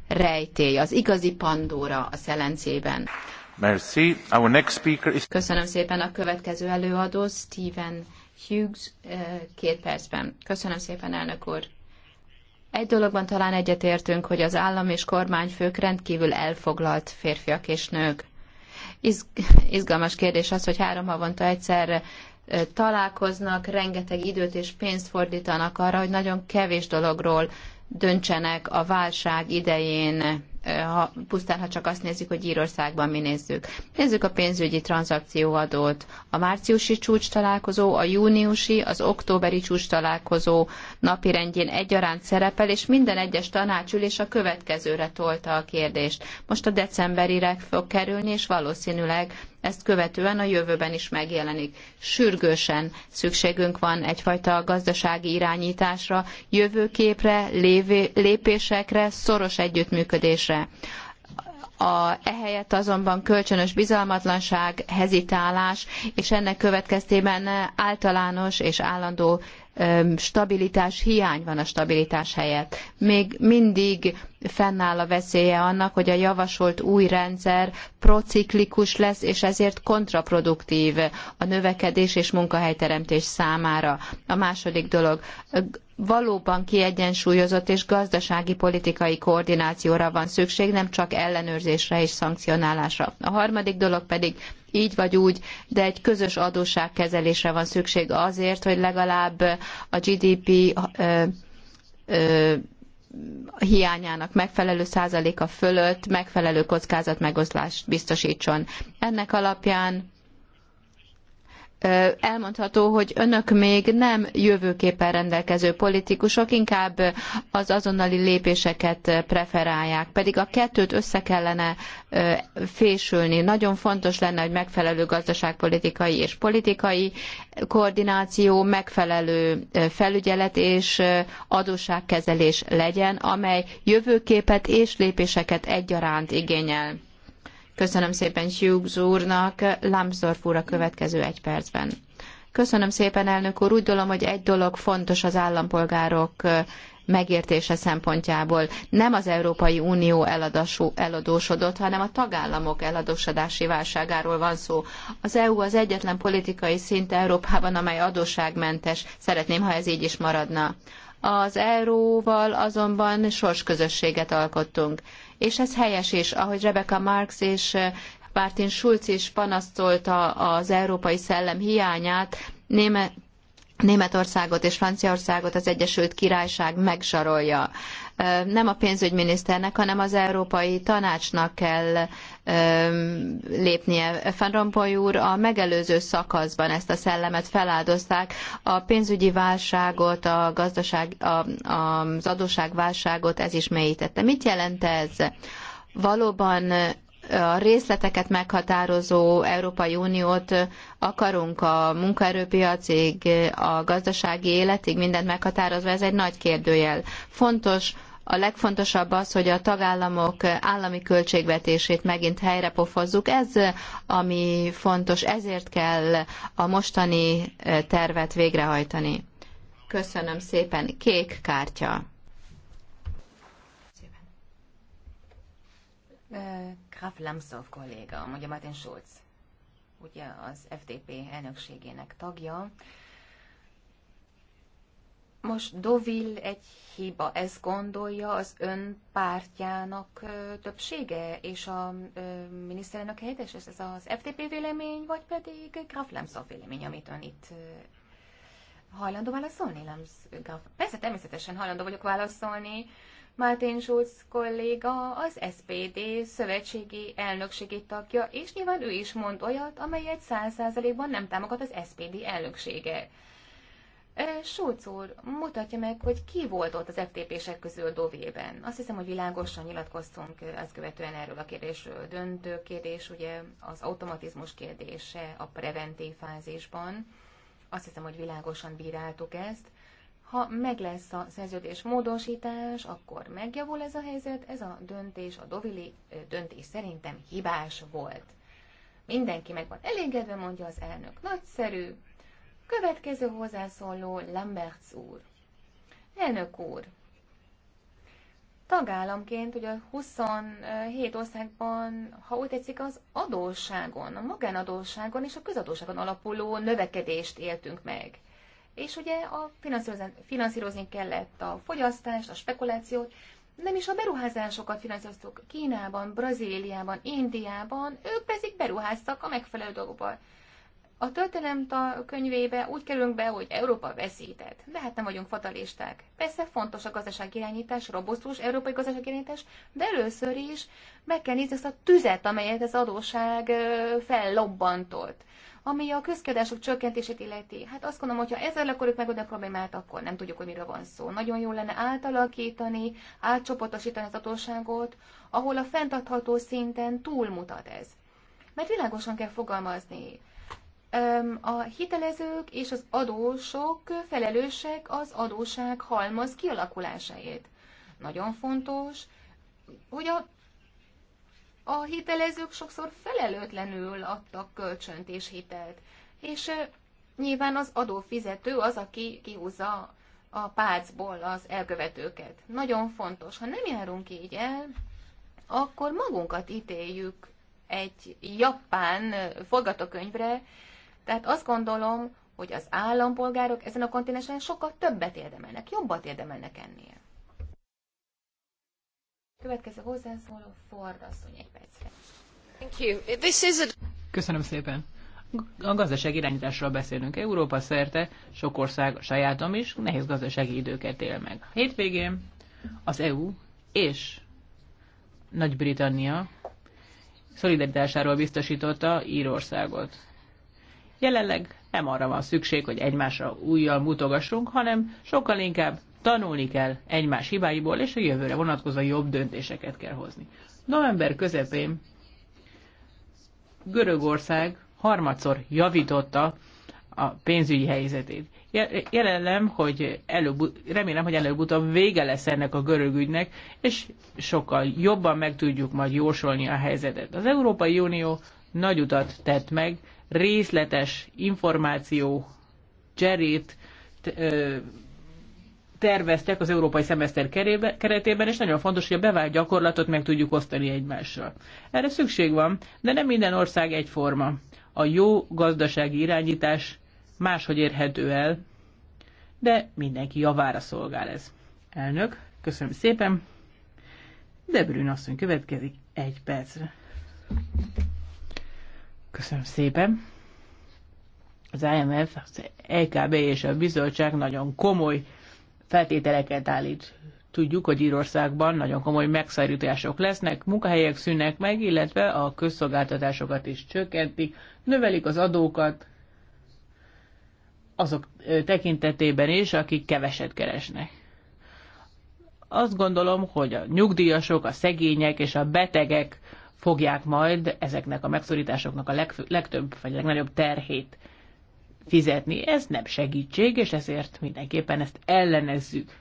rejtély, az igazi Pandora a szelencében. Merci. Our next speaker is... Köszönöm szépen a következő előadó, Stephen Hughes, két percben. Köszönöm szépen, elnök úr. Egy dologban talán egyetértünk, hogy az állam és kormányfők rendkívül elfoglalt férfiak és nők. Izgalmas kérdés az, hogy három havonta egyszer találkoznak, rengeteg időt és pénzt fordítanak arra, hogy nagyon kevés dologról döntsenek a válság idején ha, pusztán ha csak azt nézzük, hogy Írországban mi nézzük. Nézzük a pénzügyi tranzakcióadót. A márciusi csúcs találkozó, a júniusi, az októberi csúcs találkozó rendjén egyaránt szerepel, és minden egyes tanácsülés a következőre tolta a kérdést. Most a decemberire fog kerülni, és valószínűleg ezt követően a jövőben is megjelenik. Sürgősen szükségünk van egyfajta gazdasági irányításra, jövőképre, lévé, lépésekre, szoros együttműködésre. A, ehelyett azonban kölcsönös bizalmatlanság, hezitálás, és ennek következtében általános és állandó stabilitás hiány van a stabilitás helyett. Még mindig fennáll a veszélye annak, hogy a javasolt új rendszer prociklikus lesz, és ezért kontraproduktív a növekedés és munkahelyteremtés számára. A második dolog, valóban kiegyensúlyozott és gazdasági politikai koordinációra van szükség, nem csak ellenőrzésre és szankcionálásra. A harmadik dolog pedig így vagy úgy, de egy közös adósságkezelésre van szükség azért, hogy legalább a GDP ö, ö, hiányának megfelelő százaléka fölött megfelelő kockázatmegoszlást biztosítson. Ennek alapján elmondható, hogy önök még nem jövőképpen rendelkező politikusok, inkább az azonnali lépéseket preferálják, pedig a kettőt össze kellene fésülni. Nagyon fontos lenne, hogy megfelelő gazdaságpolitikai és politikai koordináció, megfelelő felügyelet és adósságkezelés legyen, amely jövőképet és lépéseket egyaránt igényel. Köszönöm szépen Hughes úrnak, Lambsdorff úr a következő egy percben. Köszönöm szépen, elnök úr. Úgy dolom, hogy egy dolog fontos az állampolgárok megértése szempontjából nem az Európai Unió eladasú, eladósodott, hanem a tagállamok eladósodási válságáról van szó. Az EU az egyetlen politikai szint Európában, amely adósságmentes. Szeretném, ha ez így is maradna. Az euróval azonban közösséget alkottunk és ez helyes is, ahogy Rebecca Marx és eh, Martin Schulz is panasztolta az európai szellem hiányát, Német, Németországot és Franciaországot az Egyesült Királyság megzsarolja nem a pénzügyminiszternek, hanem az Európai Tanácsnak kell lépnie. Van Rompuy úr, a megelőző szakaszban ezt a szellemet feláldozták, a pénzügyi válságot, a gazdaság, a, az adósságválságot ez is mélyítette. Mit jelent ez? Valóban a részleteket meghatározó Európai Uniót akarunk a munkaerőpiacig, a gazdasági életig mindent meghatározva, ez egy nagy kérdőjel. Fontos, a legfontosabb az, hogy a tagállamok állami költségvetését megint pofozzuk. Ez, ami fontos, ezért kell a mostani eh, tervet végrehajtani. Köszönöm szépen. Kék kártya. Eh, Graf Lamsov kolléga, mondja Martin Schulz, ugye az FDP elnökségének tagja. Most Dovil egy hiba, ezt gondolja az ön pártjának többsége, és a ö, miniszterelnök helyettes, ez az FDP vélemény, vagy pedig Graf Lemszov vélemény, amit ön itt hajlandó válaszolni, Lemsz Graf? Persze, természetesen hajlandó vagyok válaszolni Martin Schulz kolléga az SPD szövetségi elnökségi tagja, és nyilván ő is mond olyat, amelyet száz százalékban nem támogat az SPD elnöksége. Schulz úr, mutatja meg, hogy ki volt ott az FTP-sek közül Dovében. Azt hiszem, hogy világosan nyilatkoztunk ezt követően erről a kérdésről. Döntő kérdés, ugye az automatizmus kérdése a preventív fázisban. Azt hiszem, hogy világosan bíráltuk ezt. Ha meg lesz a szerződés módosítás, akkor megjavul ez a helyzet, ez a döntés, a dovili döntés szerintem hibás volt. Mindenki meg van elégedve, mondja az elnök. Nagyszerű. Következő hozzászóló Lamberts úr. Elnök úr, tagállamként ugye 27 országban, ha úgy tetszik, az adósságon, a magánadósságon és a közadósságon alapuló növekedést éltünk meg. És ugye a finanszírozni kellett a fogyasztást, a spekulációt, nem is a beruházásokat finanszíroztuk Kínában, Brazíliában, Indiában, ők pedig beruháztak a megfelelő dolgokba. A történelem könyvébe úgy kerülünk be, hogy Európa veszített, de hát nem vagyunk fatalisták. Persze fontos a gazdaságirányítás, robosztus európai gazdaságirányítás, de először is meg kell nézni ezt a tüzet, amelyet az adóság fellobbantott. Ami a közkiadások csökkentését illeti, hát azt gondolom, hogyha ezzel akarjuk megoldani a problémát, akkor nem tudjuk, hogy miről van szó. Nagyon jó lenne átalakítani, átcsoportosítani az adósságot, ahol a fenntartható szinten túlmutat ez. Mert világosan kell fogalmazni, a hitelezők és az adósok felelősek az adóság halmaz kialakulásáért. Nagyon fontos, hogy a a hitelezők sokszor felelőtlenül adtak kölcsönt és hitelt. És nyilván az adófizető az, aki kihúzza a pácból az elkövetőket. Nagyon fontos, ha nem járunk így el, akkor magunkat ítéljük egy japán forgatókönyvre, tehát azt gondolom, hogy az állampolgárok ezen a kontinensen sokkal többet érdemelnek, jobbat érdemelnek ennél. Következő hozzászóló Ford asszony egy percre. Thank you. This is a... Köszönöm szépen. A gazdasági irányításról beszélünk Európa szerte, sok ország sajátom is, nehéz gazdasági időket él meg. Hétvégén az EU és Nagy-Britannia szolidaritásáról biztosította Írországot. Jelenleg nem arra van szükség, hogy egymásra újjal mutogassunk, hanem sokkal inkább tanulni kell egymás hibáiból, és a jövőre vonatkozó jobb döntéseket kell hozni. November közepén Görögország harmadszor javította a pénzügyi helyzetét. Jelenlem, hogy előbb, remélem, hogy előbb-utóbb vége lesz ennek a görög ügynek, és sokkal jobban meg tudjuk majd jósolni a helyzetet. Az Európai Unió nagy utat tett meg, részletes információ cserét, terveztek az európai szemeszter keretében, és nagyon fontos, hogy a bevált gyakorlatot meg tudjuk osztani egymással. Erre szükség van, de nem minden ország egyforma. A jó gazdasági irányítás máshogy érhető el, de mindenki javára szolgál ez. Elnök, köszönöm szépen. Debrün asszony következik egy percre. Köszönöm szépen. Az IMF, az EKB és a bizottság nagyon komoly feltételeket állít. Tudjuk, hogy Írországban nagyon komoly megszárítások lesznek, munkahelyek szűnnek meg, illetve a közszolgáltatásokat is csökkentik, növelik az adókat azok tekintetében is, akik keveset keresnek. Azt gondolom, hogy a nyugdíjasok, a szegények és a betegek fogják majd ezeknek a megszorításoknak a legtöbb vagy legnagyobb terhét fizetni. Ez nem segítség, és ezért mindenképpen ezt ellenezzük.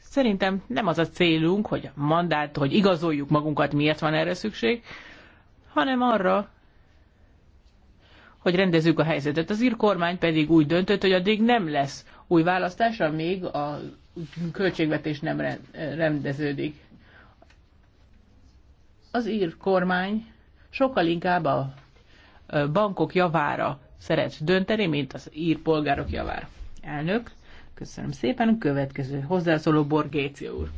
Szerintem nem az a célunk, hogy mandát, hogy igazoljuk magunkat, miért van erre szükség, hanem arra, hogy rendezzük a helyzetet. Az ír kormány pedig úgy döntött, hogy addig nem lesz új választás, amíg a költségvetés nem rendeződik. Az ír kormány sokkal inkább a bankok javára szeret dönteni, mint az ír polgárok javára. Elnök, köszönöm szépen. Következő hozzászóló Borgéci úr.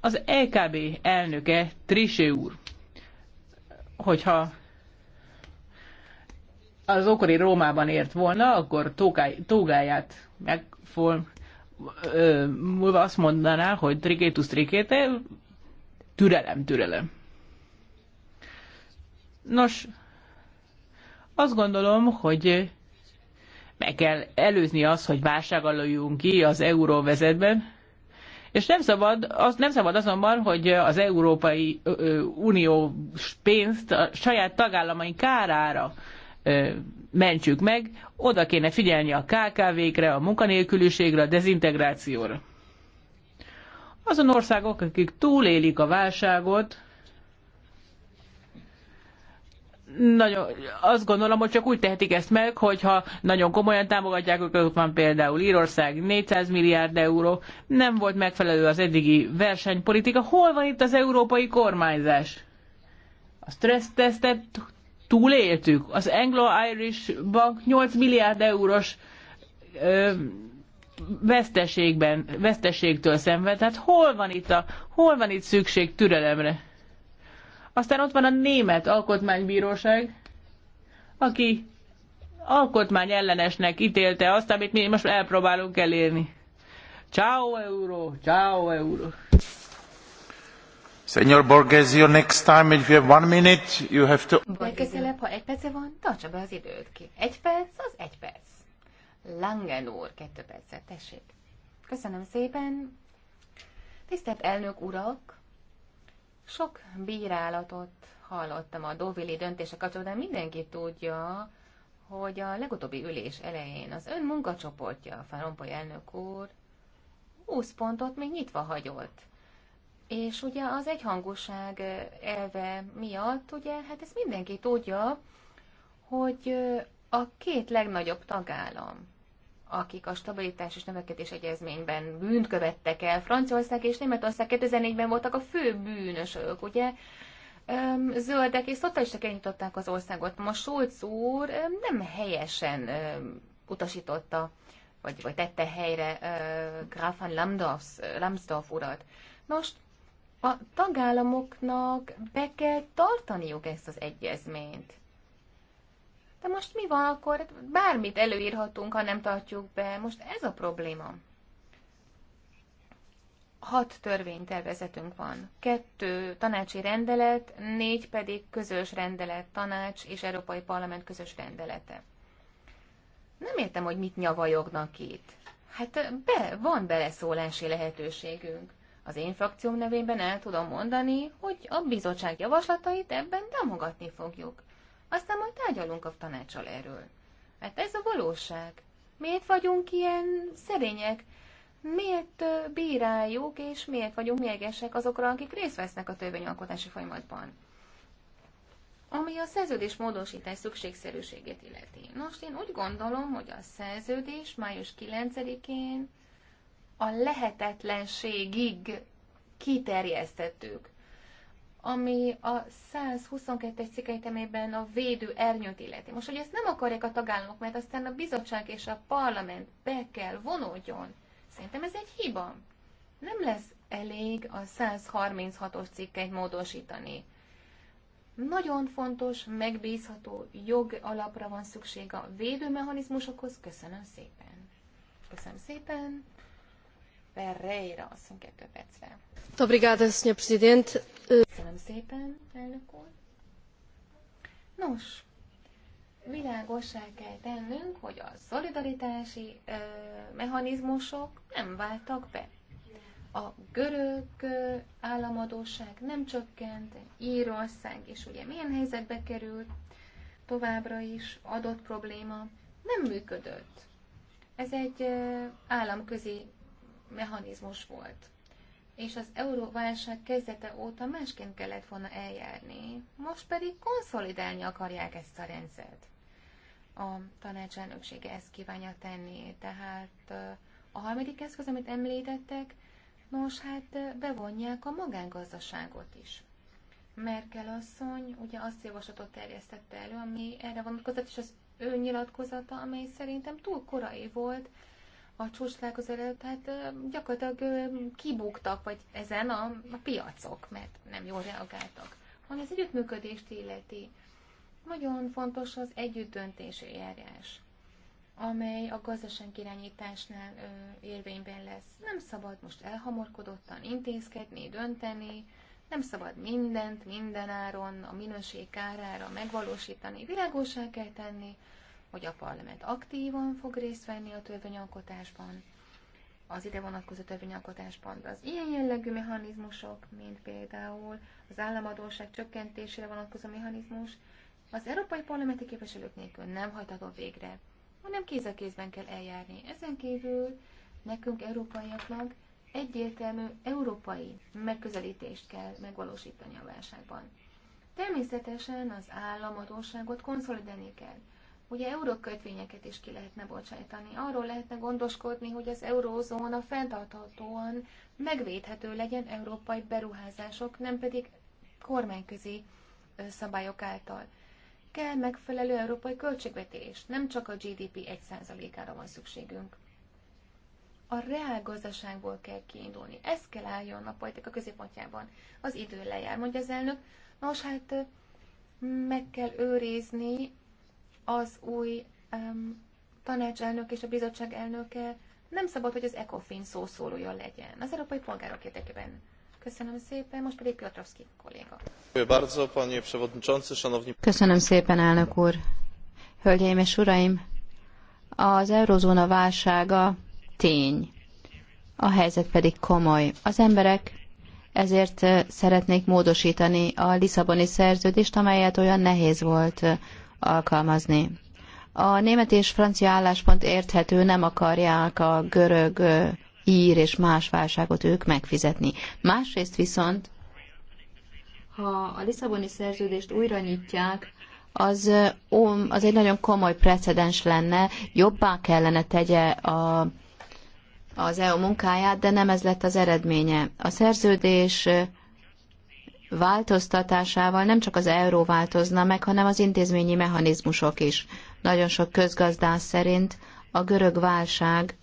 Az LKB e elnöke Trisé úr, hogyha az okori Rómában ért volna, akkor tógáj, tógáját megfol, múlva azt mondaná, hogy trikétus trikéte, Türelem, türelem. Nos, azt gondolom, hogy meg kell előzni azt, hogy válság ki az euróvezetben, és nem szabad, az, nem szabad azonban, hogy az Európai Uniós pénzt a saját tagállamai kárára ö, mentsük meg, oda kéne figyelni a KKV-kre, a munkanélküliségre, a dezintegrációra. Azon országok, akik túlélik a válságot, nagyon, azt gondolom, hogy csak úgy tehetik ezt meg, hogyha nagyon komolyan támogatják őket, ott van például Írország 400 milliárd euró, nem volt megfelelő az eddigi versenypolitika. Hol van itt az európai kormányzás? A tesztet túléltük. Az Anglo-Irish Bank 8 milliárd eurós ö, veszteségben, veszteségtől szenved. Tehát hol van itt, a, hol van itt szükség türelemre? Aztán ott van a német alkotmánybíróság, aki alkotmány ellenesnek ítélte azt, amit mi most elpróbálunk elérni. Ciao euro, ciao euro. Señor Borgesio, next time if you have one minute, you have to... Legközelebb, ha egy perce van, tartsa be az időt ki. Egy perc, az egy perc. Langen úr, kettő percet, tessék. Köszönöm szépen. Tisztelt elnök urak, sok bírálatot hallottam a Dovili döntése kapcsolatban, mindenki tudja, hogy a legutóbbi ülés elején az ön munkacsoportja, Fárompoly elnök úr, 20 pontot még nyitva hagyott. És ugye az egyhangúság elve miatt, ugye, hát ezt mindenki tudja, hogy a két legnagyobb tagállam, akik a stabilitás és növekedés egyezményben bűnt követtek el. Franciaország és Németország 2004-ben voltak a fő bűnösök, ugye? Zöldek és szocialisták elnyitották az országot. Most Schulz úr nem helyesen utasította, vagy, vagy tette helyre Grafan Lambsdorff urat. Nos, a tagállamoknak be kell tartaniuk ezt az egyezményt. De most mi van akkor? Bármit előírhatunk, ha nem tartjuk be. Most ez a probléma. Hat törvénytervezetünk van. Kettő tanácsi rendelet, négy pedig közös rendelet, tanács és Európai Parlament közös rendelete. Nem értem, hogy mit nyavajognak itt. Hát be, van beleszólási lehetőségünk. Az én frakcióm nevében el tudom mondani, hogy a bizottság javaslatait ebben támogatni fogjuk aztán majd tárgyalunk a tanácsal erről. Hát ez a valóság. Miért vagyunk ilyen szerények? Miért bíráljuk, és miért vagyunk mérgesek azokra, akik részt vesznek a törvényalkotási folyamatban? Ami a szerződés módosítás szükségszerűségét illeti. Most én úgy gondolom, hogy a szerződés május 9-én a lehetetlenségig kiterjesztettük ami a 122-es cikketemében a védő ernyőt illeti. Most, hogy ezt nem akarják a tagállamok, mert aztán a bizottság és a parlament be kell vonódjon, szerintem ez egy hiba. Nem lesz elég a 136-os cikkeit módosítani. Nagyon fontos, megbízható jog alapra van szükség a védőmechanizmusokhoz. Köszönöm szépen. Köszönöm szépen. Ferreira, 22 percre. Obrigada, Sr. Presidente. Köszönöm szépen, elnök úr. Nos, világosá kell tennünk, hogy a szolidaritási ö, mechanizmusok nem váltak be. A görög államadóság nem csökkent, Írország és ugye milyen helyzetbe került, továbbra is adott probléma nem működött. Ez egy államközi mechanizmus volt és az euróválság kezdete óta másként kellett volna eljárni, most pedig konszolidálni akarják ezt a rendszert. A tanácselnöksége ezt kívánja tenni, tehát a harmadik eszköz, amit említettek, nos hát bevonják a magángazdaságot is. Merkel asszony ugye azt javaslatot terjesztette elő, ami erre vonatkozott, és az ő nyilatkozata, amely szerintem túl korai volt, a csúcslálkozó előtt, tehát gyakorlatilag kibuktak, vagy ezen a, a piacok, mert nem jól reagáltak. Ami az együttműködést illeti, nagyon fontos az együttdöntési eljárás, amely a gazdaság irányításnál ö, érvényben lesz. Nem szabad most elhamorkodottan intézkedni, dönteni, nem szabad mindent, mindenáron, a minőség kárára megvalósítani, világosá kell tenni, hogy a parlament aktívan fog részt venni a törvényalkotásban, az ide vonatkozó törvényalkotásban, de az ilyen jellegű mechanizmusok, mint például az államadóság csökkentésére vonatkozó mechanizmus, az európai parlamenti képviselők nélkül nem hajtható végre, hanem kéz a kézben kell eljárni. Ezen kívül nekünk európaiaknak egyértelmű európai megközelítést kell megvalósítani a válságban. Természetesen az államadóságot konszolidálni kell. Ugye eurókötvényeket is ki lehetne bocsájtani. Arról lehetne gondoskodni, hogy az eurózóna fenntarthatóan megvédhető legyen európai beruházások, nem pedig kormányközi szabályok által. Kell megfelelő európai költségvetés, nem csak a GDP 1%-ára van szükségünk. A reál kell kiindulni. Ez kell álljon a politika középpontjában. Az idő lejár, mondja az elnök. Nos, hát meg kell őrizni az új um, tanácselnök és a bizottság elnöke nem szabad, hogy az ECOFIN szószólója legyen az európai polgárok érdekében. Köszönöm szépen, most pedig Piotrowski kolléga. Köszönöm szépen, elnök úr. Hölgyeim és uraim, az eurozóna válsága tény, a helyzet pedig komoly. Az emberek ezért eh, szeretnék módosítani a Lisszaboni szerződést, amelyet olyan nehéz volt eh, alkalmazni. A német és francia álláspont érthető, nem akarják a görög, ír és más válságot ők megfizetni. Másrészt viszont, ha a Lisszaboni szerződést újra nyitják, az, az egy nagyon komoly precedens lenne, jobbá kellene tegye a, az EU munkáját, de nem ez lett az eredménye. A szerződés változtatásával nem csak az euró változna meg, hanem az intézményi mechanizmusok is. Nagyon sok közgazdász szerint a görög válság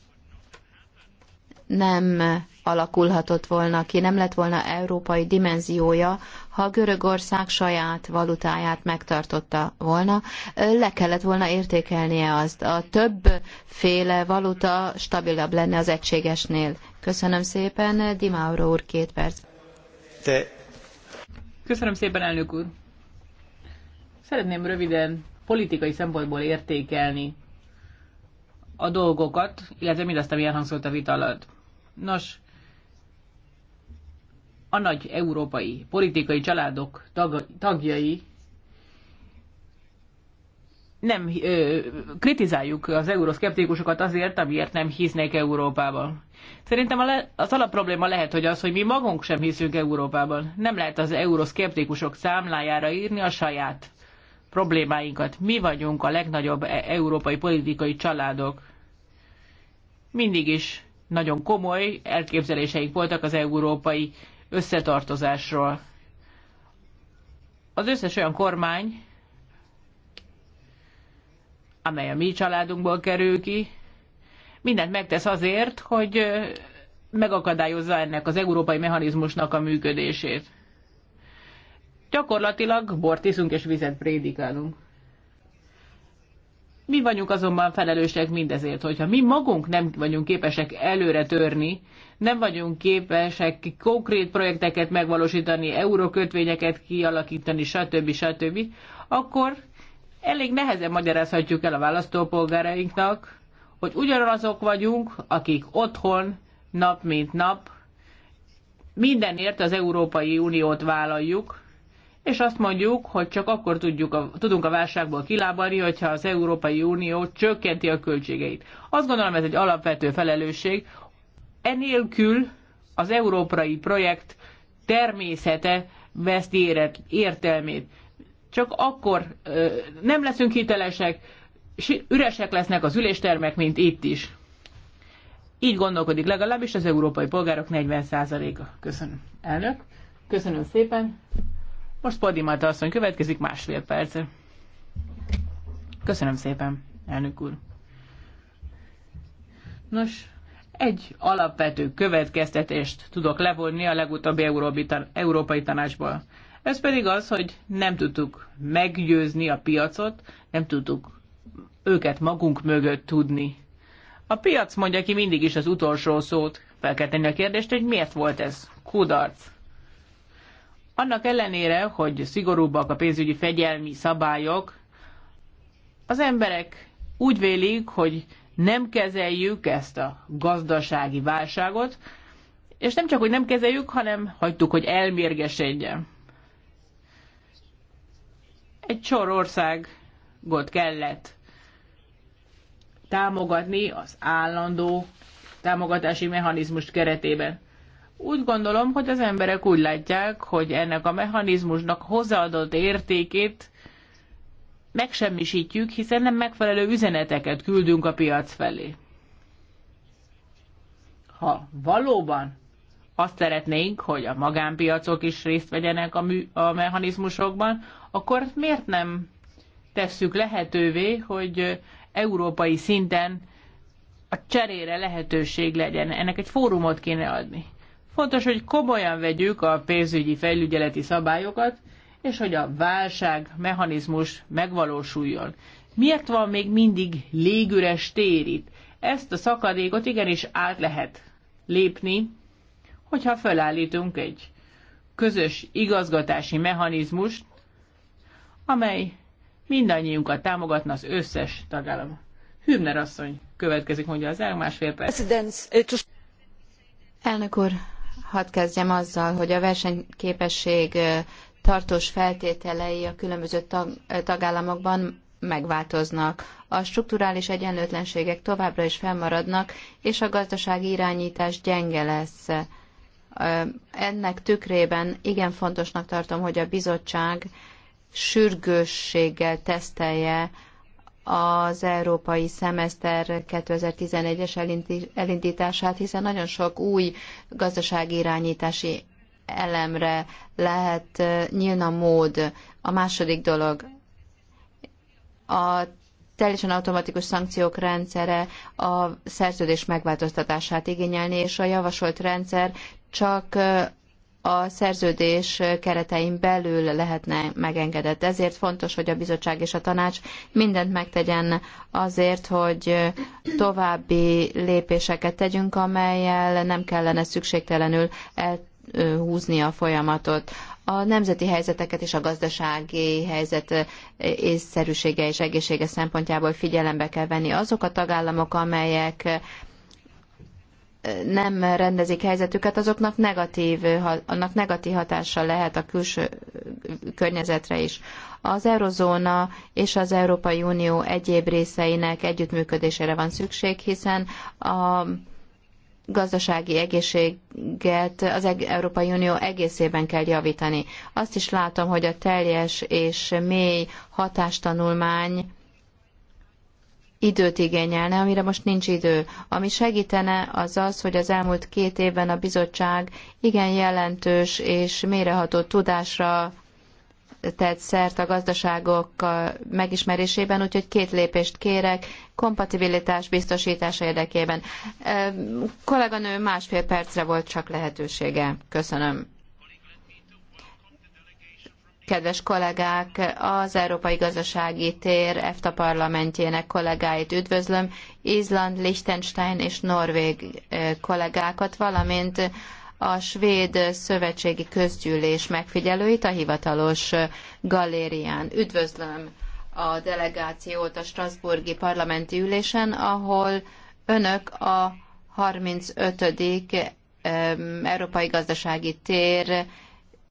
nem alakulhatott volna ki, nem lett volna európai dimenziója, ha Görögország saját valutáját megtartotta volna. Le kellett volna értékelnie azt. A többféle valuta stabilabb lenne az egységesnél. Köszönöm szépen, Dimauro úr, két perc. Te Köszönöm szépen, elnök úr. Szeretném röviden politikai szempontból értékelni a dolgokat, illetve mindazt, ami elhangzott a vita alatt. Nos, a nagy európai politikai családok tag, tagjai nem ö, kritizáljuk az euroszkeptikusokat azért, amiért nem hisznek Európában. Szerintem a le, az alapprobléma lehet, hogy az, hogy mi magunk sem hiszünk Európában. Nem lehet az euroszkeptikusok számlájára írni a saját problémáinkat. Mi vagyunk a legnagyobb e- európai politikai családok. Mindig is nagyon komoly elképzeléseink voltak az európai összetartozásról. Az összes olyan kormány, amely a mi családunkból kerül ki, mindent megtesz azért, hogy megakadályozza ennek az európai mechanizmusnak a működését. Gyakorlatilag bort iszunk és vizet prédikálunk. Mi vagyunk azonban felelősek mindezért, hogyha mi magunk nem vagyunk képesek előre törni, nem vagyunk képesek konkrét projekteket megvalósítani, eurókötvényeket kialakítani, stb. stb., akkor elég nehezen magyarázhatjuk el a választópolgárainknak, hogy ugyanazok vagyunk, akik otthon, nap mint nap, mindenért az Európai Uniót vállaljuk, és azt mondjuk, hogy csak akkor tudjuk a, tudunk a válságból kilábalni, hogyha az Európai Unió csökkenti a költségeit. Azt gondolom, ez egy alapvető felelősség. Enélkül az európai projekt természete veszti értelmét csak akkor nem leszünk hitelesek, üresek lesznek az üléstermek, mint itt is. Így gondolkodik legalábbis az európai polgárok 40%-a. Köszönöm. Elnök, köszönöm szépen. Most Podimata asszony következik másfél perce. Köszönöm szépen, elnök úr. Nos, egy alapvető következtetést tudok levonni a legutóbbi Európai Tanácsból. Ez pedig az, hogy nem tudtuk meggyőzni a piacot, nem tudtuk őket magunk mögött tudni. A piac mondja ki mindig is az utolsó szót. Fel kell tenni a kérdést, hogy miért volt ez kudarc. Annak ellenére, hogy szigorúbbak a pénzügyi fegyelmi szabályok, az emberek úgy vélik, hogy nem kezeljük ezt a gazdasági válságot, és nem csak, hogy nem kezeljük, hanem hagytuk, hogy elmérgesedjen egy sor országot kellett támogatni az állandó támogatási mechanizmus keretében. Úgy gondolom, hogy az emberek úgy látják, hogy ennek a mechanizmusnak hozzáadott értékét megsemmisítjük, hiszen nem megfelelő üzeneteket küldünk a piac felé. Ha valóban azt szeretnénk, hogy a magánpiacok is részt vegyenek a, mű, a mechanizmusokban, akkor miért nem tesszük lehetővé, hogy európai szinten a cserére lehetőség legyen. Ennek egy fórumot kéne adni. Fontos, hogy komolyan vegyük a pénzügyi fejlügyeleti szabályokat, és hogy a válság mechanizmus megvalósuljon. Miért van még mindig légüres tér itt? Ezt a szakadékot igenis át lehet lépni, hogyha felállítunk egy közös igazgatási mechanizmust, amely mindannyiunkat támogatna az összes tagállam. Hübner asszony következik, mondja az elnök másfél perc. Eh, elnök úr, hadd kezdjem azzal, hogy a versenyképesség eh, tartós feltételei a különböző tag, eh, tagállamokban megváltoznak. A strukturális egyenlőtlenségek továbbra is felmaradnak, és a gazdasági irányítás gyenge lesz. Ennek tükrében igen fontosnak tartom, hogy a bizottság sürgősséggel tesztelje az európai szemeszter 2011-es elindítását, hiszen nagyon sok új gazdasági irányítási elemre lehet nyílna mód. A második dolog, a teljesen automatikus szankciók rendszere a szerződés megváltoztatását igényelni, és a javasolt rendszer csak a szerződés keretein belül lehetne megengedett. Ezért fontos, hogy a bizottság és a tanács mindent megtegyen azért, hogy további lépéseket tegyünk, amelyel nem kellene szükségtelenül elhúzni a folyamatot a nemzeti helyzeteket és a gazdasági helyzet észszerűsége és egészsége szempontjából figyelembe kell venni azok a tagállamok, amelyek nem rendezik helyzetüket, azoknak negatív, annak negatív hatása lehet a külső környezetre is. Az eurozóna és az Európai Unió egyéb részeinek együttműködésére van szükség, hiszen a gazdasági egészséget az Európai Unió egészében kell javítani. Azt is látom, hogy a teljes és mély hatástanulmány időt igényelne, amire most nincs idő. Ami segítene az az, hogy az elmúlt két évben a bizottság igen jelentős és méreható tudásra tett szert a gazdaságok megismerésében, úgyhogy két lépést kérek, kompatibilitás biztosítása érdekében. Kolléganő másfél percre volt csak lehetősége. Köszönöm kedves kollégák, az Európai Gazdasági Tér EFTA parlamentjének kollégáit üdvözlöm, Izland, Liechtenstein és Norvég kollégákat, valamint a svéd szövetségi közgyűlés megfigyelőit a hivatalos galérián. Üdvözlöm a delegációt a Strasburgi parlamenti ülésen, ahol önök a 35. Európai Gazdasági Tér